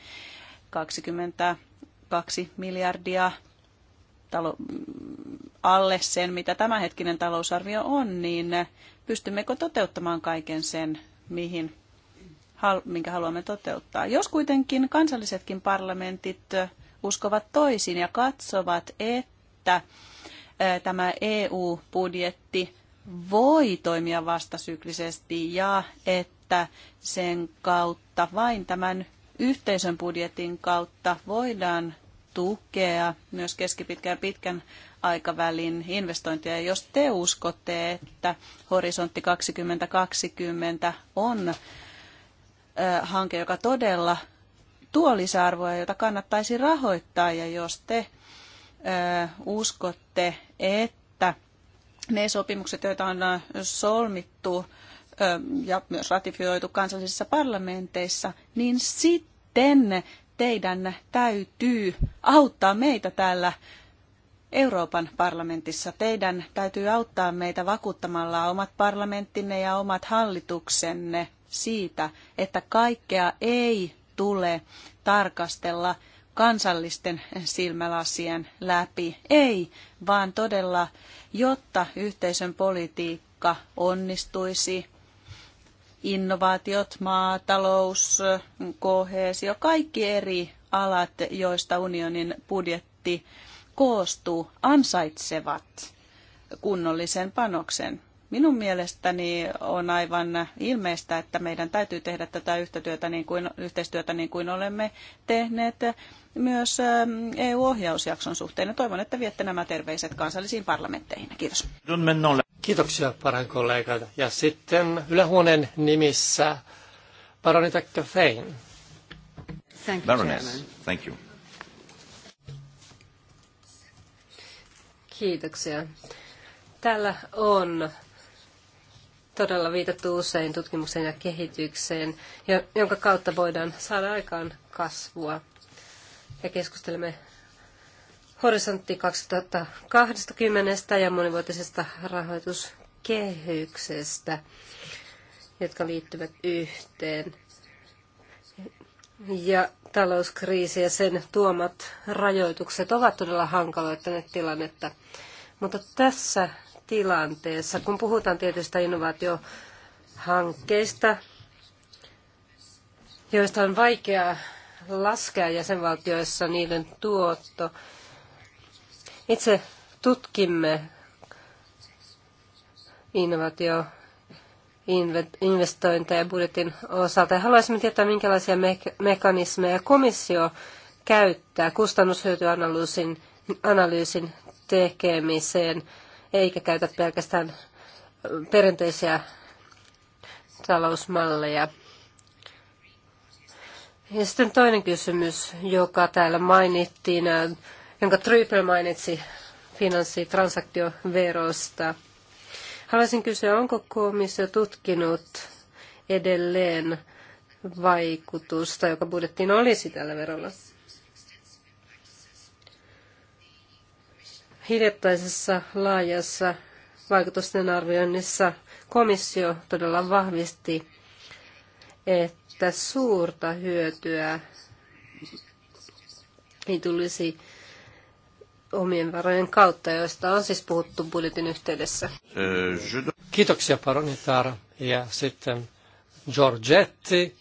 22 miljardia talo, alle sen, mitä tämänhetkinen talousarvio on, niin pystymmekö toteuttamaan kaiken sen, mihin minkä haluamme toteuttaa. Jos kuitenkin kansallisetkin parlamentit uskovat toisin ja katsovat, että tämä EU-budjetti voi toimia vastasyklisesti ja että sen kautta, vain tämän yhteisön budjetin kautta voidaan tukea myös keskipitkän ja pitkän aikavälin investointeja. Jos te uskotte, että horisontti 2020 on hanke, joka todella tuo lisäarvoa, jota kannattaisi rahoittaa. Ja jos te uskotte, että ne sopimukset, joita on solmittu ja myös ratifioitu kansallisissa parlamenteissa, niin sitten teidän täytyy auttaa meitä täällä Euroopan parlamentissa. Teidän täytyy auttaa meitä vakuuttamalla omat parlamenttinne ja omat hallituksenne siitä, että kaikkea ei tule tarkastella kansallisten silmälasien läpi. Ei, vaan todella, jotta yhteisön politiikka onnistuisi, innovaatiot, maatalous, koheesio, kaikki eri alat, joista unionin budjetti koostuu, ansaitsevat kunnollisen panoksen. Minun mielestäni on aivan ilmeistä, että meidän täytyy tehdä tätä yhteistyötä niin kuin, yhteistyötä niin kuin olemme tehneet myös ähm, EU-ohjausjakson suhteen. Ja toivon, että viette nämä terveiset kansallisiin parlamentteihin. Kiitos. Kiitoksia paran kollegat. Ja sitten ylähuoneen nimissä Baronita Fein. Thank you, chairman. thank you. Kiitoksia. Täällä on todella viitattu usein tutkimukseen ja kehitykseen, jonka kautta voidaan saada aikaan kasvua. Ja keskustelemme horisontti 2020 ja monivuotisesta rahoituskehyksestä, jotka liittyvät yhteen. Ja talouskriisi ja sen tuomat rajoitukset ovat todella hankaloittaneet tilannetta. Mutta tässä tilanteessa. Kun puhutaan tietystä innovaatiohankkeista, joista on vaikea laskea jäsenvaltioissa niiden tuotto. Itse tutkimme innovaatio investointeja budjetin osalta. Ja haluaisimme tietää, minkälaisia me- mekanismeja komissio käyttää kustannushyötyanalyysin analyysin tekemiseen eikä käytä pelkästään perinteisiä talousmalleja. Ja sitten toinen kysymys, joka täällä mainittiin, äh, jonka Triple mainitsi finanssitransaktioverosta. Haluaisin kysyä, onko komissio tutkinut edelleen vaikutusta, joka budjettiin olisi tällä verolla? hiljattaisessa laajassa vaikutusten arvioinnissa komissio todella vahvisti, että suurta hyötyä ei tulisi omien varojen kautta, joista on siis puhuttu budjetin yhteydessä. Kiitoksia Paronitar ja sitten Giorgetti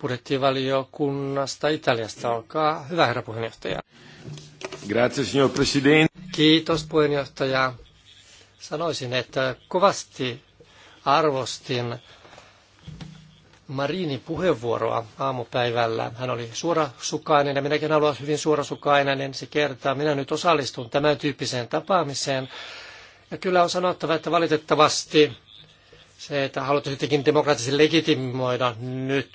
budjettivaliokunnasta Italiasta. Olkaa hyvä herra puheenjohtaja. Grazie signor Presidente. Kiitos puheenjohtaja. Sanoisin, että kovasti arvostin Marinin puheenvuoroa aamupäivällä. Hän oli suorasukainen ja minäkin haluan hyvin suorasukainen ensi kertaa. Minä nyt osallistun tämän tyyppiseen tapaamiseen. Ja kyllä on sanottava, että valitettavasti se, että haluatte jotenkin demokraattisesti legitimoida nyt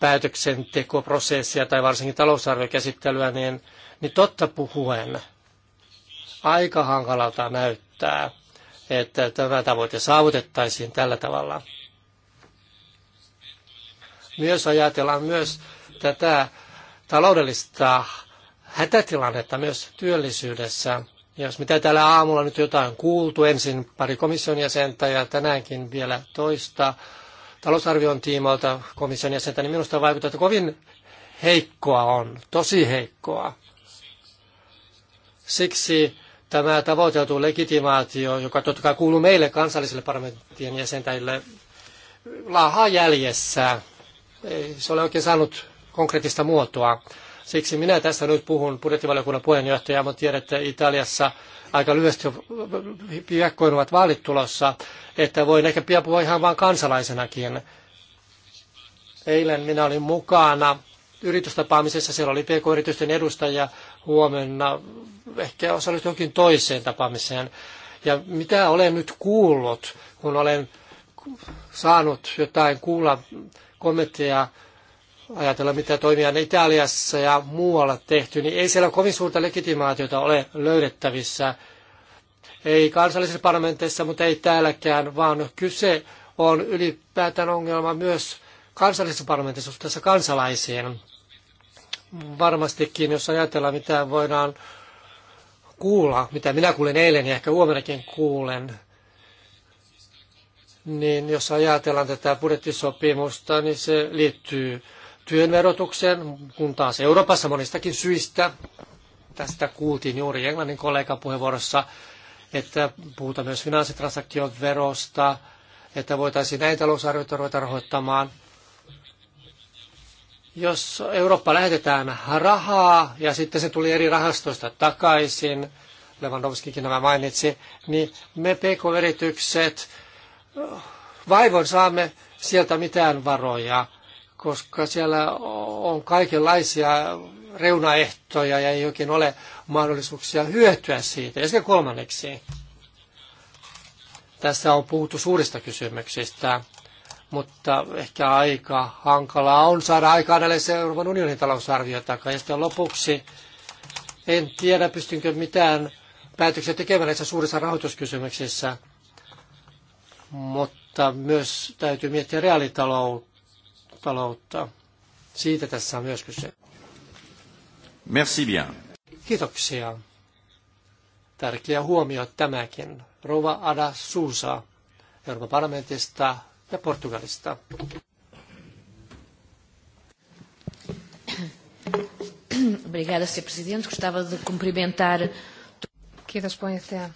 päätöksentekoprosessia tai varsinkin talousarviokäsittelyä, niin, niin totta puhuen – aika hankalalta näyttää, että tämä tavoite saavutettaisiin tällä tavalla. Myös ajatellaan myös tätä taloudellista hätätilannetta myös työllisyydessä. Jos mitä täällä aamulla nyt jotain kuultu, ensin pari komission jäsentä ja tänäänkin vielä toista talousarvion tiimoilta komission jäsentä, niin minusta vaikuttaa, että kovin heikkoa on, tosi heikkoa. Siksi tämä tavoiteltu legitimaatio, joka totta kai kuuluu meille kansallisille parlamenttien jäsentäjille, laahaa jäljessä. Ei se ole oikein saanut konkreettista muotoa. Siksi minä tässä nyt puhun budjettivaliokunnan puheenjohtajaa, mutta tiedän, että Italiassa aika lyhyesti piakkoin ovat vaalit tulossa, että voin ehkä pian puhua ihan vain kansalaisenakin. Eilen minä olin mukana yritystapaamisessa, siellä oli PK-yritysten edustajia huomenna ehkä osallistu jonkin toiseen tapaamiseen. Ja mitä olen nyt kuullut, kun olen saanut jotain kuulla kommentteja ajatella, mitä toimia Italiassa ja muualla tehty, niin ei siellä kovin suurta legitimaatiota ole löydettävissä. Ei kansallisissa parlamenteissa, mutta ei täälläkään, vaan kyse on ylipäätään ongelma myös kansallisessa parlamentissa suhteessa kansalaisiin. Varmastikin, jos ajatellaan, mitä voidaan kuulla, mitä minä kuulin eilen ja ehkä huomenakin kuulen, niin jos ajatellaan tätä budjettisopimusta, niin se liittyy työnverotukseen, kun taas Euroopassa monistakin syistä, tästä kuultiin juuri englannin kollegan puheenvuorossa, että puhutaan myös finanssitransaktioverosta, verosta, että voitaisiin näitä talousarvioita ruveta rahoittamaan – jos Eurooppa lähetetään rahaa ja sitten se tuli eri rahastoista takaisin, Lewandowskikin nämä mainitsi, niin me pk-yritykset eh, vaivon saamme sieltä mitään varoja, koska siellä on kaikenlaisia reunaehtoja ja ei oikein ole mahdollisuuksia hyötyä siitä. Ja sitten kolmanneksi, tässä on puhuttu suurista kysymyksistä, mutta ehkä aika hankalaa on saada aikaan näille Euroopan unionin talousarviota. Ja sitten lopuksi en tiedä, pystynkö mitään päätöksiä tekemään näissä suurissa rahoituskysymyksissä, mutta myös täytyy miettiä reaalitaloutta. Siitä tässä on myös kyse. Merci bien. Kiitoksia. Tärkeä huomio tämäkin. Rova Ada Suusa Euroopan parlamentista ja Portugalista. Obrigada, Sr. Presidente. Gostava de cumprimentar... Kiitos puheenjohtaja.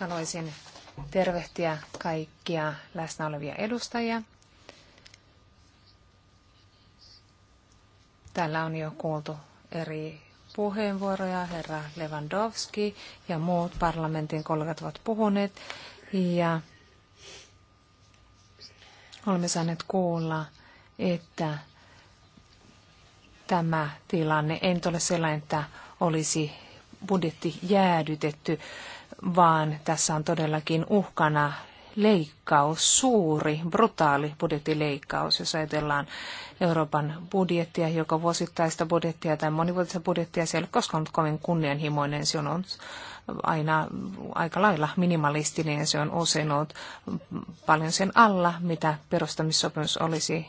Haluaisin tervehtiä kaikkia läsnä olevia edustajia. Täällä on jo kuultu eri puheenvuoroja. Herra Lewandowski ja muut parlamentin kollegat ovat puhuneet. Ja olemme saaneet kuulla, että tämä tilanne ei nyt ole sellainen, että olisi budjetti jäädytetty, vaan tässä on todellakin uhkana leikkaus, suuri, brutaali budjettileikkaus, jos ajatellaan Euroopan budjettia, joka vuosittaista budjettia tai monivuotista budjettia, se ei ole koskaan ollut kovin kunnianhimoinen, se on ollut aina aika lailla minimalistinen ja se on usein ollut paljon sen alla, mitä perustamissopimus olisi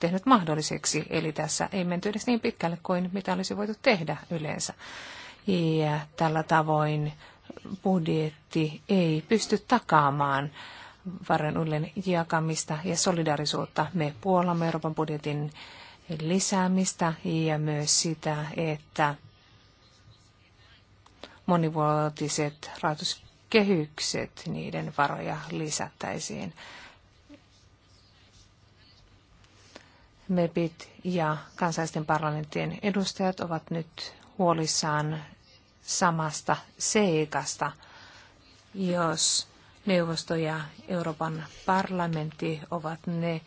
tehnyt mahdolliseksi. Eli tässä ei menty edes niin pitkälle kuin mitä olisi voitu tehdä yleensä. Ja tällä tavoin budjetti ei pysty takaamaan varojen uudelleen jakamista ja solidarisuutta. Me puolamme Euroopan budjetin lisäämistä ja myös sitä, että monivuotiset rahoituskehykset, niiden varoja lisättäisiin. MEPit ja kansallisten parlamenttien edustajat ovat nyt huolissaan samasta seikasta, jos neuvosto ja Euroopan parlamentti ovat ne,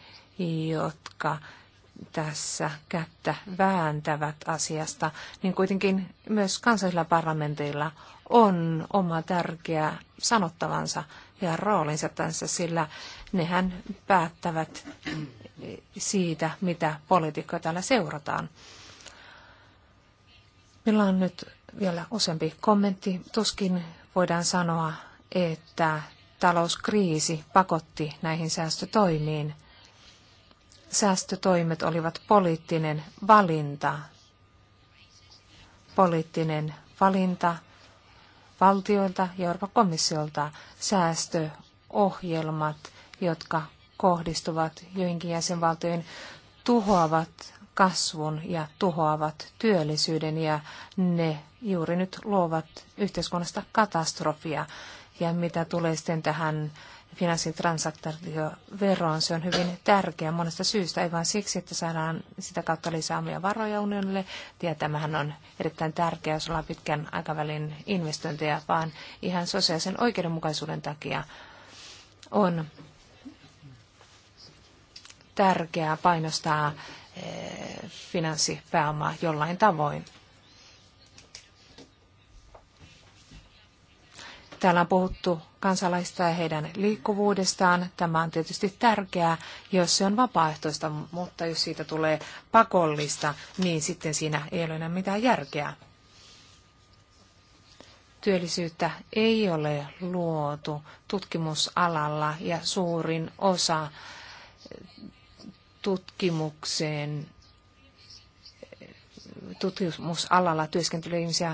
jotka tässä kättä vääntävät asiasta, niin kuitenkin myös kansallisilla parlamenteilla on oma tärkeä sanottavansa ja roolinsa tässä, sillä nehän päättävät siitä, mitä politiikkaa täällä seurataan. Meillä on nyt vielä useampi kommentti. Tuskin voidaan sanoa, että talouskriisi pakotti näihin säästötoimiin. Säästötoimet olivat poliittinen valinta. Poliittinen valinta valtioilta ja Euroopan komissiolta säästöohjelmat, jotka kohdistuvat joihinkin jäsenvaltioihin, tuhoavat kasvun ja tuhoavat työllisyyden ja ne juuri nyt luovat yhteiskunnasta katastrofia. Ja mitä tulee sitten tähän finanssitransaktioveroon, se on hyvin tärkeä monesta syystä, ei vain siksi, että saadaan sitä kautta lisää omia varoja unionille, ja tämähän on erittäin tärkeää, jos ollaan pitkän aikavälin investointeja, vaan ihan sosiaalisen oikeudenmukaisuuden takia on tärkeää painostaa finanssipääomaa jollain tavoin. Täällä on puhuttu kansalaista ja heidän liikkuvuudestaan. Tämä on tietysti tärkeää, jos se on vapaaehtoista, mutta jos siitä tulee pakollista, niin sitten siinä ei ole enää mitään järkeä. Työllisyyttä ei ole luotu tutkimusalalla ja suurin osa tutkimukseen tutkimusalalla työskenteleviä ihmisiä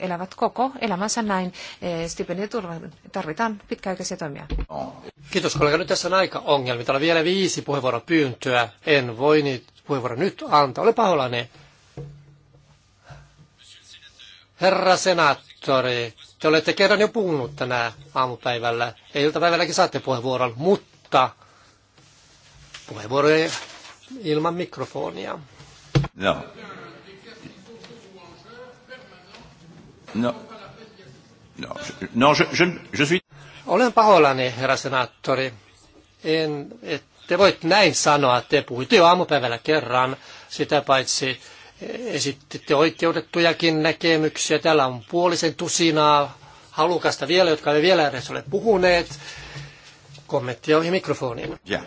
elävät koko elämänsä näin. Eh, Stipendien tarvitaan pitkäaikaisia toimia. Kiitos kollega. Nyt tässä on aika ongelmia. Täällä on vielä viisi puheenvuoron pyyntöä. En voi niitä puheenvuoron nyt antaa. Ole paholainen, Herra senaattori, te olette kerran jo puhunut tänään aamupäivällä. Iltapäivälläkin saatte puheenvuoron, mutta ilman mikrofonia. No. No. No, no je, je, je Olen pahoillani, herra senaattori. En, et, te voit näin sanoa, te puhuitte jo aamupäivällä kerran, sitä paitsi esititte oikeudettujakin näkemyksiä. Täällä on puolisen tusinaa halukasta vielä, jotka eivät vielä edes ole puhuneet. Kommentti ohi mikrofoniin. Yeah.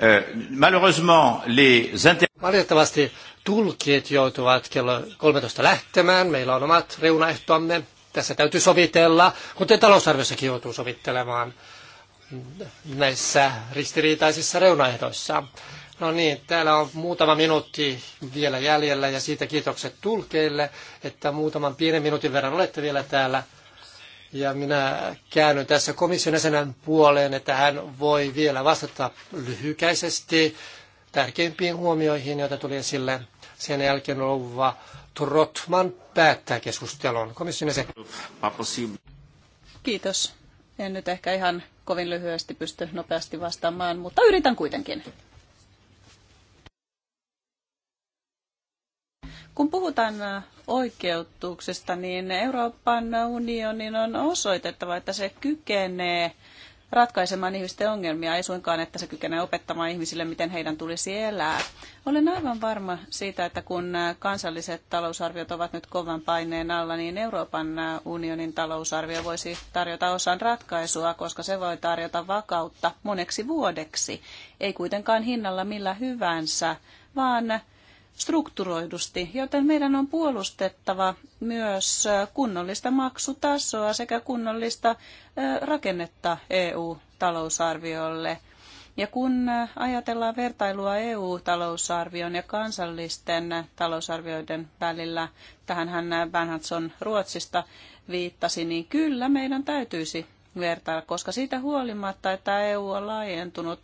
Euh, malheureusement, les inter... Valitettavasti tulkit joutuvat kello 13 lähtemään. Meillä on omat reunaehtomme. Tässä täytyy sovitella, kuten talousarviossakin joutuu sovittelemaan näissä ristiriitaisissa reunaehdoissa. No niin, täällä on muutama minuutti vielä jäljellä ja siitä kiitokset tulkeille, että muutaman pienen minuutin verran olette vielä täällä. Ja minä käännyn tässä komission jäsenen puoleen, että hän voi vielä vastata lyhykäisesti tärkeimpiin huomioihin, joita tuli esille. Sen jälkeen rouva Trotman päättää keskustelun. Komission jäsen. Kiitos. En nyt ehkä ihan kovin lyhyesti pysty nopeasti vastaamaan, mutta yritän kuitenkin. Kun puhutaan äh, oikeutuksesta, niin Euroopan unionin on osoitettava, että se kykenee ratkaisemaan ihmisten ongelmia, ei suinkaan, että se kykenee opettamaan ihmisille, miten heidän tulisi elää. Olen aivan varma siitä, että kun äh, kansalliset talousarviot ovat nyt kovan paineen alla, niin Euroopan äh, unionin talousarvio voisi tarjota osan ratkaisua, koska se voi tarjota vakautta moneksi vuodeksi. Ei kuitenkaan hinnalla millä hyvänsä, vaan strukturoidusti, joten meidän on puolustettava myös kunnollista maksutasoa sekä kunnollista rakennetta EU-talousarviolle. Ja kun ajatellaan vertailua EU-talousarvion ja kansallisten talousarvioiden välillä, tähän hän Bernhardsson Ruotsista viittasi, niin kyllä meidän täytyisi vertailla, koska siitä huolimatta, että EU on laajentunut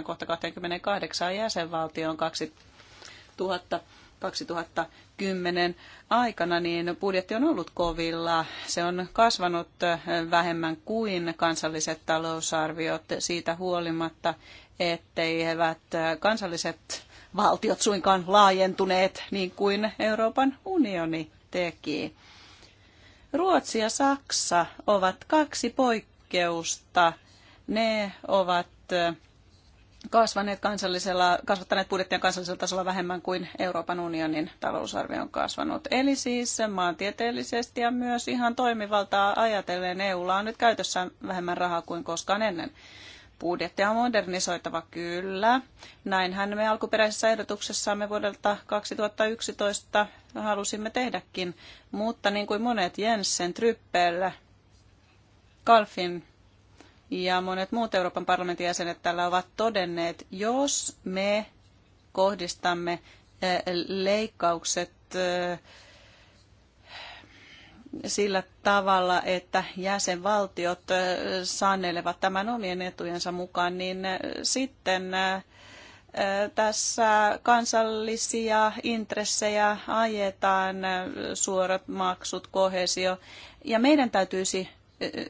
15-27 kohta 28 jäsenvaltioon 2000 2010 aikana, niin budjetti on ollut kovilla. Se on kasvanut eh, vähemmän kuin kansalliset talousarviot siitä huolimatta, ettei etteivät eh, kansalliset valtiot suinkaan laajentuneet niin kuin Euroopan unioni teki. Ruotsi ja Saksa ovat kaksi poikkeusta. Ne ovat kasvaneet kansallisella, kasvattaneet budjettia kansallisella tasolla vähemmän kuin Euroopan unionin talousarvio on kasvanut. Eli siis maantieteellisesti ja myös ihan toimivaltaa ajatellen EUlla on nyt käytössä vähemmän rahaa kuin koskaan ennen. Budjettia on modernisoitava kyllä. Näinhän me alkuperäisessä ehdotuksessamme vuodelta 2011 halusimme tehdäkin, mutta niin kuin monet Jensen, Tryppel, Kalfin ja monet muut Euroopan parlamentin jäsenet tällä ovat todenneet, jos me kohdistamme eh, leikkaukset eh, sillä tavalla, että jäsenvaltiot sanelevat tämän omien etujensa mukaan, niin sitten tässä kansallisia intressejä ajetaan, suorat maksut, kohesio. Ja meidän täytyisi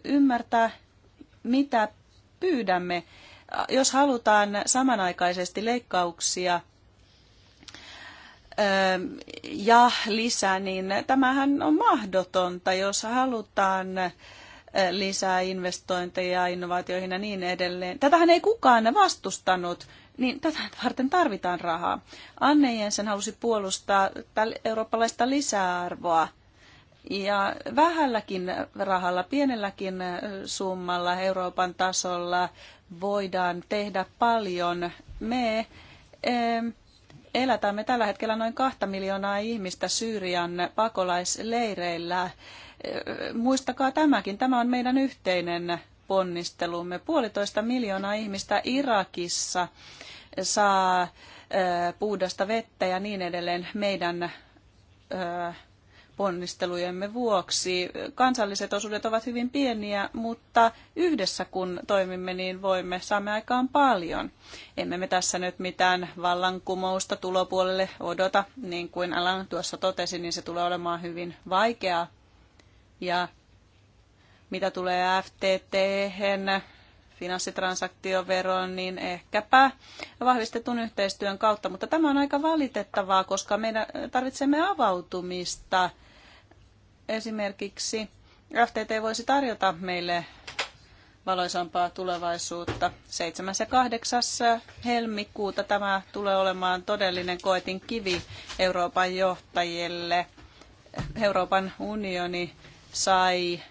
ymmärtää, mitä pyydämme. Jos halutaan samanaikaisesti leikkauksia Ähm, ja lisää, niin tämähän on mahdotonta, jos halutaan äh, lisää investointeja innovaatioihin ja niin edelleen. Tätähän ei kukaan vastustanut, niin tätä varten tarvitaan rahaa. Anne Jensen halusi puolustaa eurooppalaista lisäarvoa. Ja vähälläkin rahalla, pienelläkin äh, summalla Euroopan tasolla voidaan tehdä paljon. Me... Ähm, elätämme tällä hetkellä noin kahta miljoonaa ihmistä Syyrian pakolaisleireillä. Muistakaa tämäkin, tämä on meidän yhteinen ponnistelumme. Puolitoista miljoonaa ihmistä Irakissa saa puhdasta vettä ja niin edelleen meidän ponnistelujemme vuoksi. Kansalliset osuudet ovat hyvin pieniä, mutta yhdessä kun toimimme, niin voimme, saamme aikaan paljon. Emme me tässä nyt mitään vallankumousta tulopuolelle odota, niin kuin Alan tuossa totesi, niin se tulee olemaan hyvin vaikeaa. Ja mitä tulee FTT, finanssitransaktioveroon, niin ehkäpä vahvistetun yhteistyön kautta. Mutta tämä on aika valitettavaa, koska meidän tarvitsemme avautumista – esimerkiksi FTT voisi tarjota meille valoisampaa tulevaisuutta. 7. ja 8. helmikuuta tämä tulee olemaan todellinen koetin kivi Euroopan johtajille. Euroopan unioni sai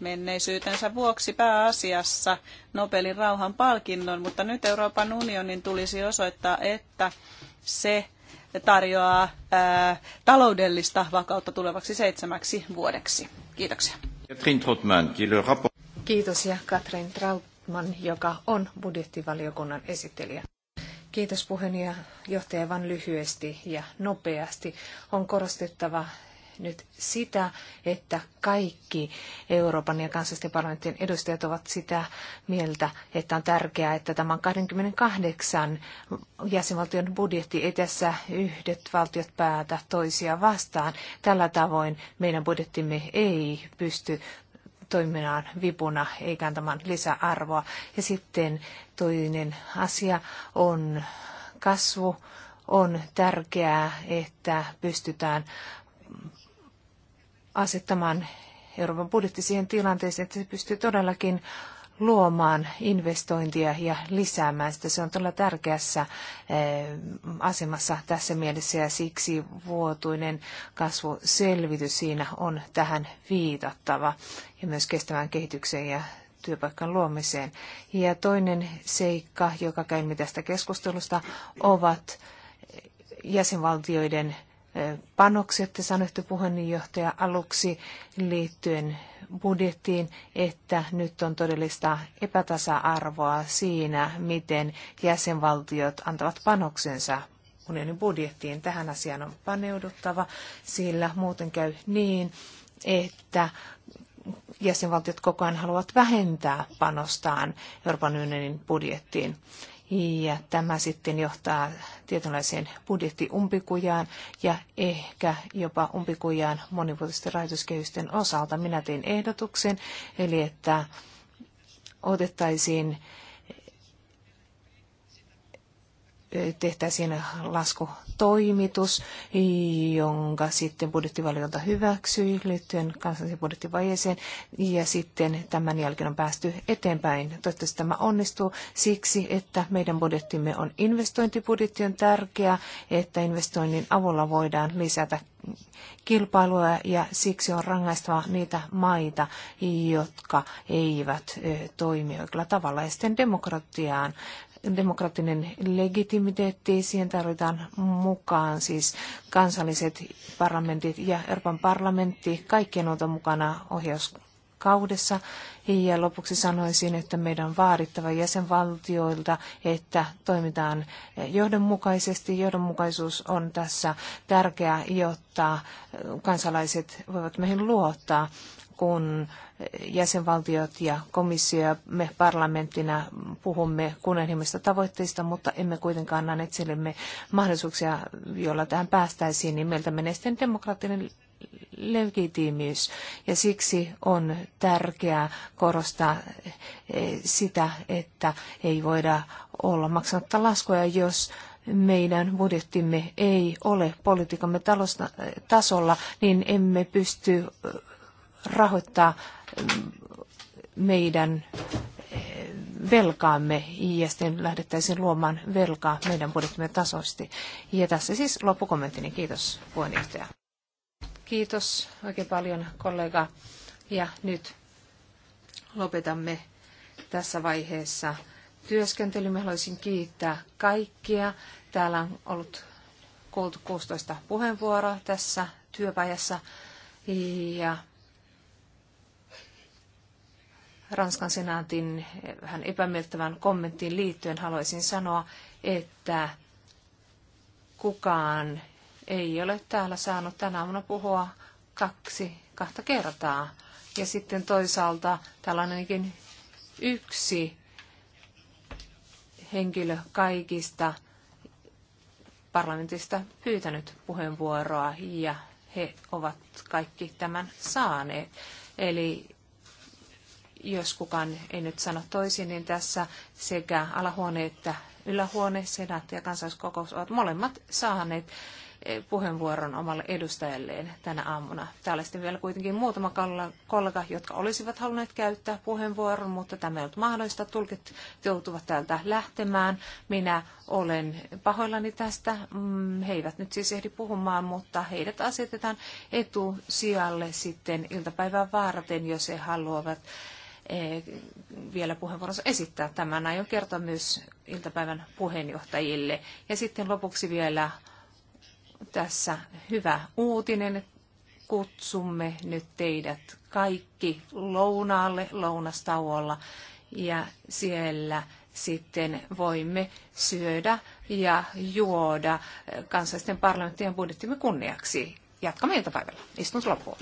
menneisyytensä vuoksi pääasiassa Nobelin rauhan palkinnon, mutta nyt Euroopan unionin tulisi osoittaa, että se tarjoaa taloudellista vakautta tulevaksi seitsemäksi vuodeksi. Kiitoksia. Kiitos ja Katrin Trautman, joka on budjettivaliokunnan esittelijä. Kiitos puheenjohtaja, johtaja vain lyhyesti ja nopeasti. On korostettava nyt sitä, että kaikki Euroopan ja kansallisten parlamenttien edustajat ovat sitä mieltä, että on tärkeää, että tämä on 28 jäsenvaltion budjetti. Ei tässä yhdet valtiot päätä toisia vastaan. Tällä tavoin meidän budjettimme ei pysty toimimaan vipuna eikä antamaan lisäarvoa. Ja sitten toinen asia on kasvu. On tärkeää, että pystytään asettamaan Euroopan budjetti siihen tilanteeseen, että se pystyy todellakin luomaan investointia ja lisäämään sitä. Se on todella tärkeässä eh, asemassa tässä mielessä ja siksi vuotuinen kasvuselvitys siinä on tähän viitattava ja myös kestävään kehitykseen ja työpaikan luomiseen. Ja toinen seikka, joka käymme tästä keskustelusta, ovat jäsenvaltioiden panokset, te sanoitte puheenjohtaja aluksi liittyen budjettiin, että nyt on todellista epätasa-arvoa siinä, miten jäsenvaltiot antavat panoksensa unionin budjettiin. Tähän asiaan on paneuduttava, sillä muuten käy niin, että jäsenvaltiot koko ajan haluavat vähentää panostaan Euroopan unionin budjettiin. Ja tämä sitten johtaa tietynlaiseen budjettiumpikujaan ja ehkä jopa umpikujaan monivuotisten rahoituskehysten osalta. Minä tein ehdotuksen, eli että otettaisiin tehtäisiin laskutoimitus, jonka sitten budjettivaliokunta hyväksyi liittyen kansalliseen budjettivajeeseen, ja sitten tämän jälkeen on päästy eteenpäin. Toivottavasti tämä onnistuu siksi, että meidän budjettimme on investointibudjetti, on tärkeää, että investoinnin avulla voidaan lisätä kilpailua ja siksi on rangaistava niitä maita, jotka eivät toimi oikealla tavalla. Ja sitten demokratiaan demokraattinen legitimiteetti, siihen tarvitaan mukaan siis kansalliset parlamentit ja Euroopan parlamentti, kaikkien on mukana kaudessa. Ja lopuksi sanoisin, että meidän on vaadittava jäsenvaltioilta, että toimitaan johdonmukaisesti. Johdonmukaisuus on tässä tärkeää, jotta kansalaiset voivat meihin luottaa kun jäsenvaltiot ja komissio ja me parlamenttina puhumme kunnianhimoisista tavoitteista, mutta emme kuitenkaan anna itsellemme mahdollisuuksia, joilla tähän päästäisiin, niin meiltä menee sitten demokraattinen legitiimiys. Ja siksi on tärkeää korostaa eh, sitä, että ei voida olla maksamatta laskuja, jos meidän budjettimme ei ole politiikamme tasolla, niin emme pysty rahoittaa mm, meidän eh, velkaamme ja sitten lähdettäisiin luomaan velkaa meidän budjettimme tasoisesti. Ja tässä siis loppukommenttini. Kiitos puheenjohtaja. Kiitos oikein paljon kollega. Ja nyt lopetamme tässä vaiheessa työskentelymme. Haluaisin kiittää kaikkia. Täällä on ollut kuultu 16 puheenvuoroa tässä työpajassa. Ja Ranskan senaatin vähän eh, epämieltävän kommenttiin liittyen haluaisin sanoa, että kukaan ei ole täällä saanut tänä aamuna puhua kaksi, kahta kertaa. Ja sitten toisaalta tällainenkin yksi henkilö kaikista parlamentista pyytänyt puheenvuoroa ja he ovat kaikki tämän saaneet. Eli jos kukaan ei nyt sano toisin, niin tässä sekä alahuone että ylähuone, senaatti ja kansalliskokous ovat molemmat saaneet eh, puheenvuoron omalle edustajalleen tänä aamuna. Täällä sitten vielä kuitenkin muutama kollega, jotka olisivat halunneet käyttää puheenvuoron, mutta tämä ei ollut mahdollista. Tulkit joutuvat täältä lähtemään. Minä olen pahoillani tästä. Mm, he eivät nyt siis ehdi puhumaan, mutta heidät asetetaan etusijalle sitten iltapäivän varten, jos he haluavat Eh, vielä puheenvuorossa esittää. Tämän aion kertoa myös iltapäivän puheenjohtajille. Ja sitten lopuksi vielä tässä hyvä uutinen. Kutsumme nyt teidät kaikki lounaalle lounastauolla ja siellä sitten voimme syödä ja juoda kansallisten parlamenttien budjettimme kunniaksi. Jatkamme iltapäivällä. Istunto loppuu.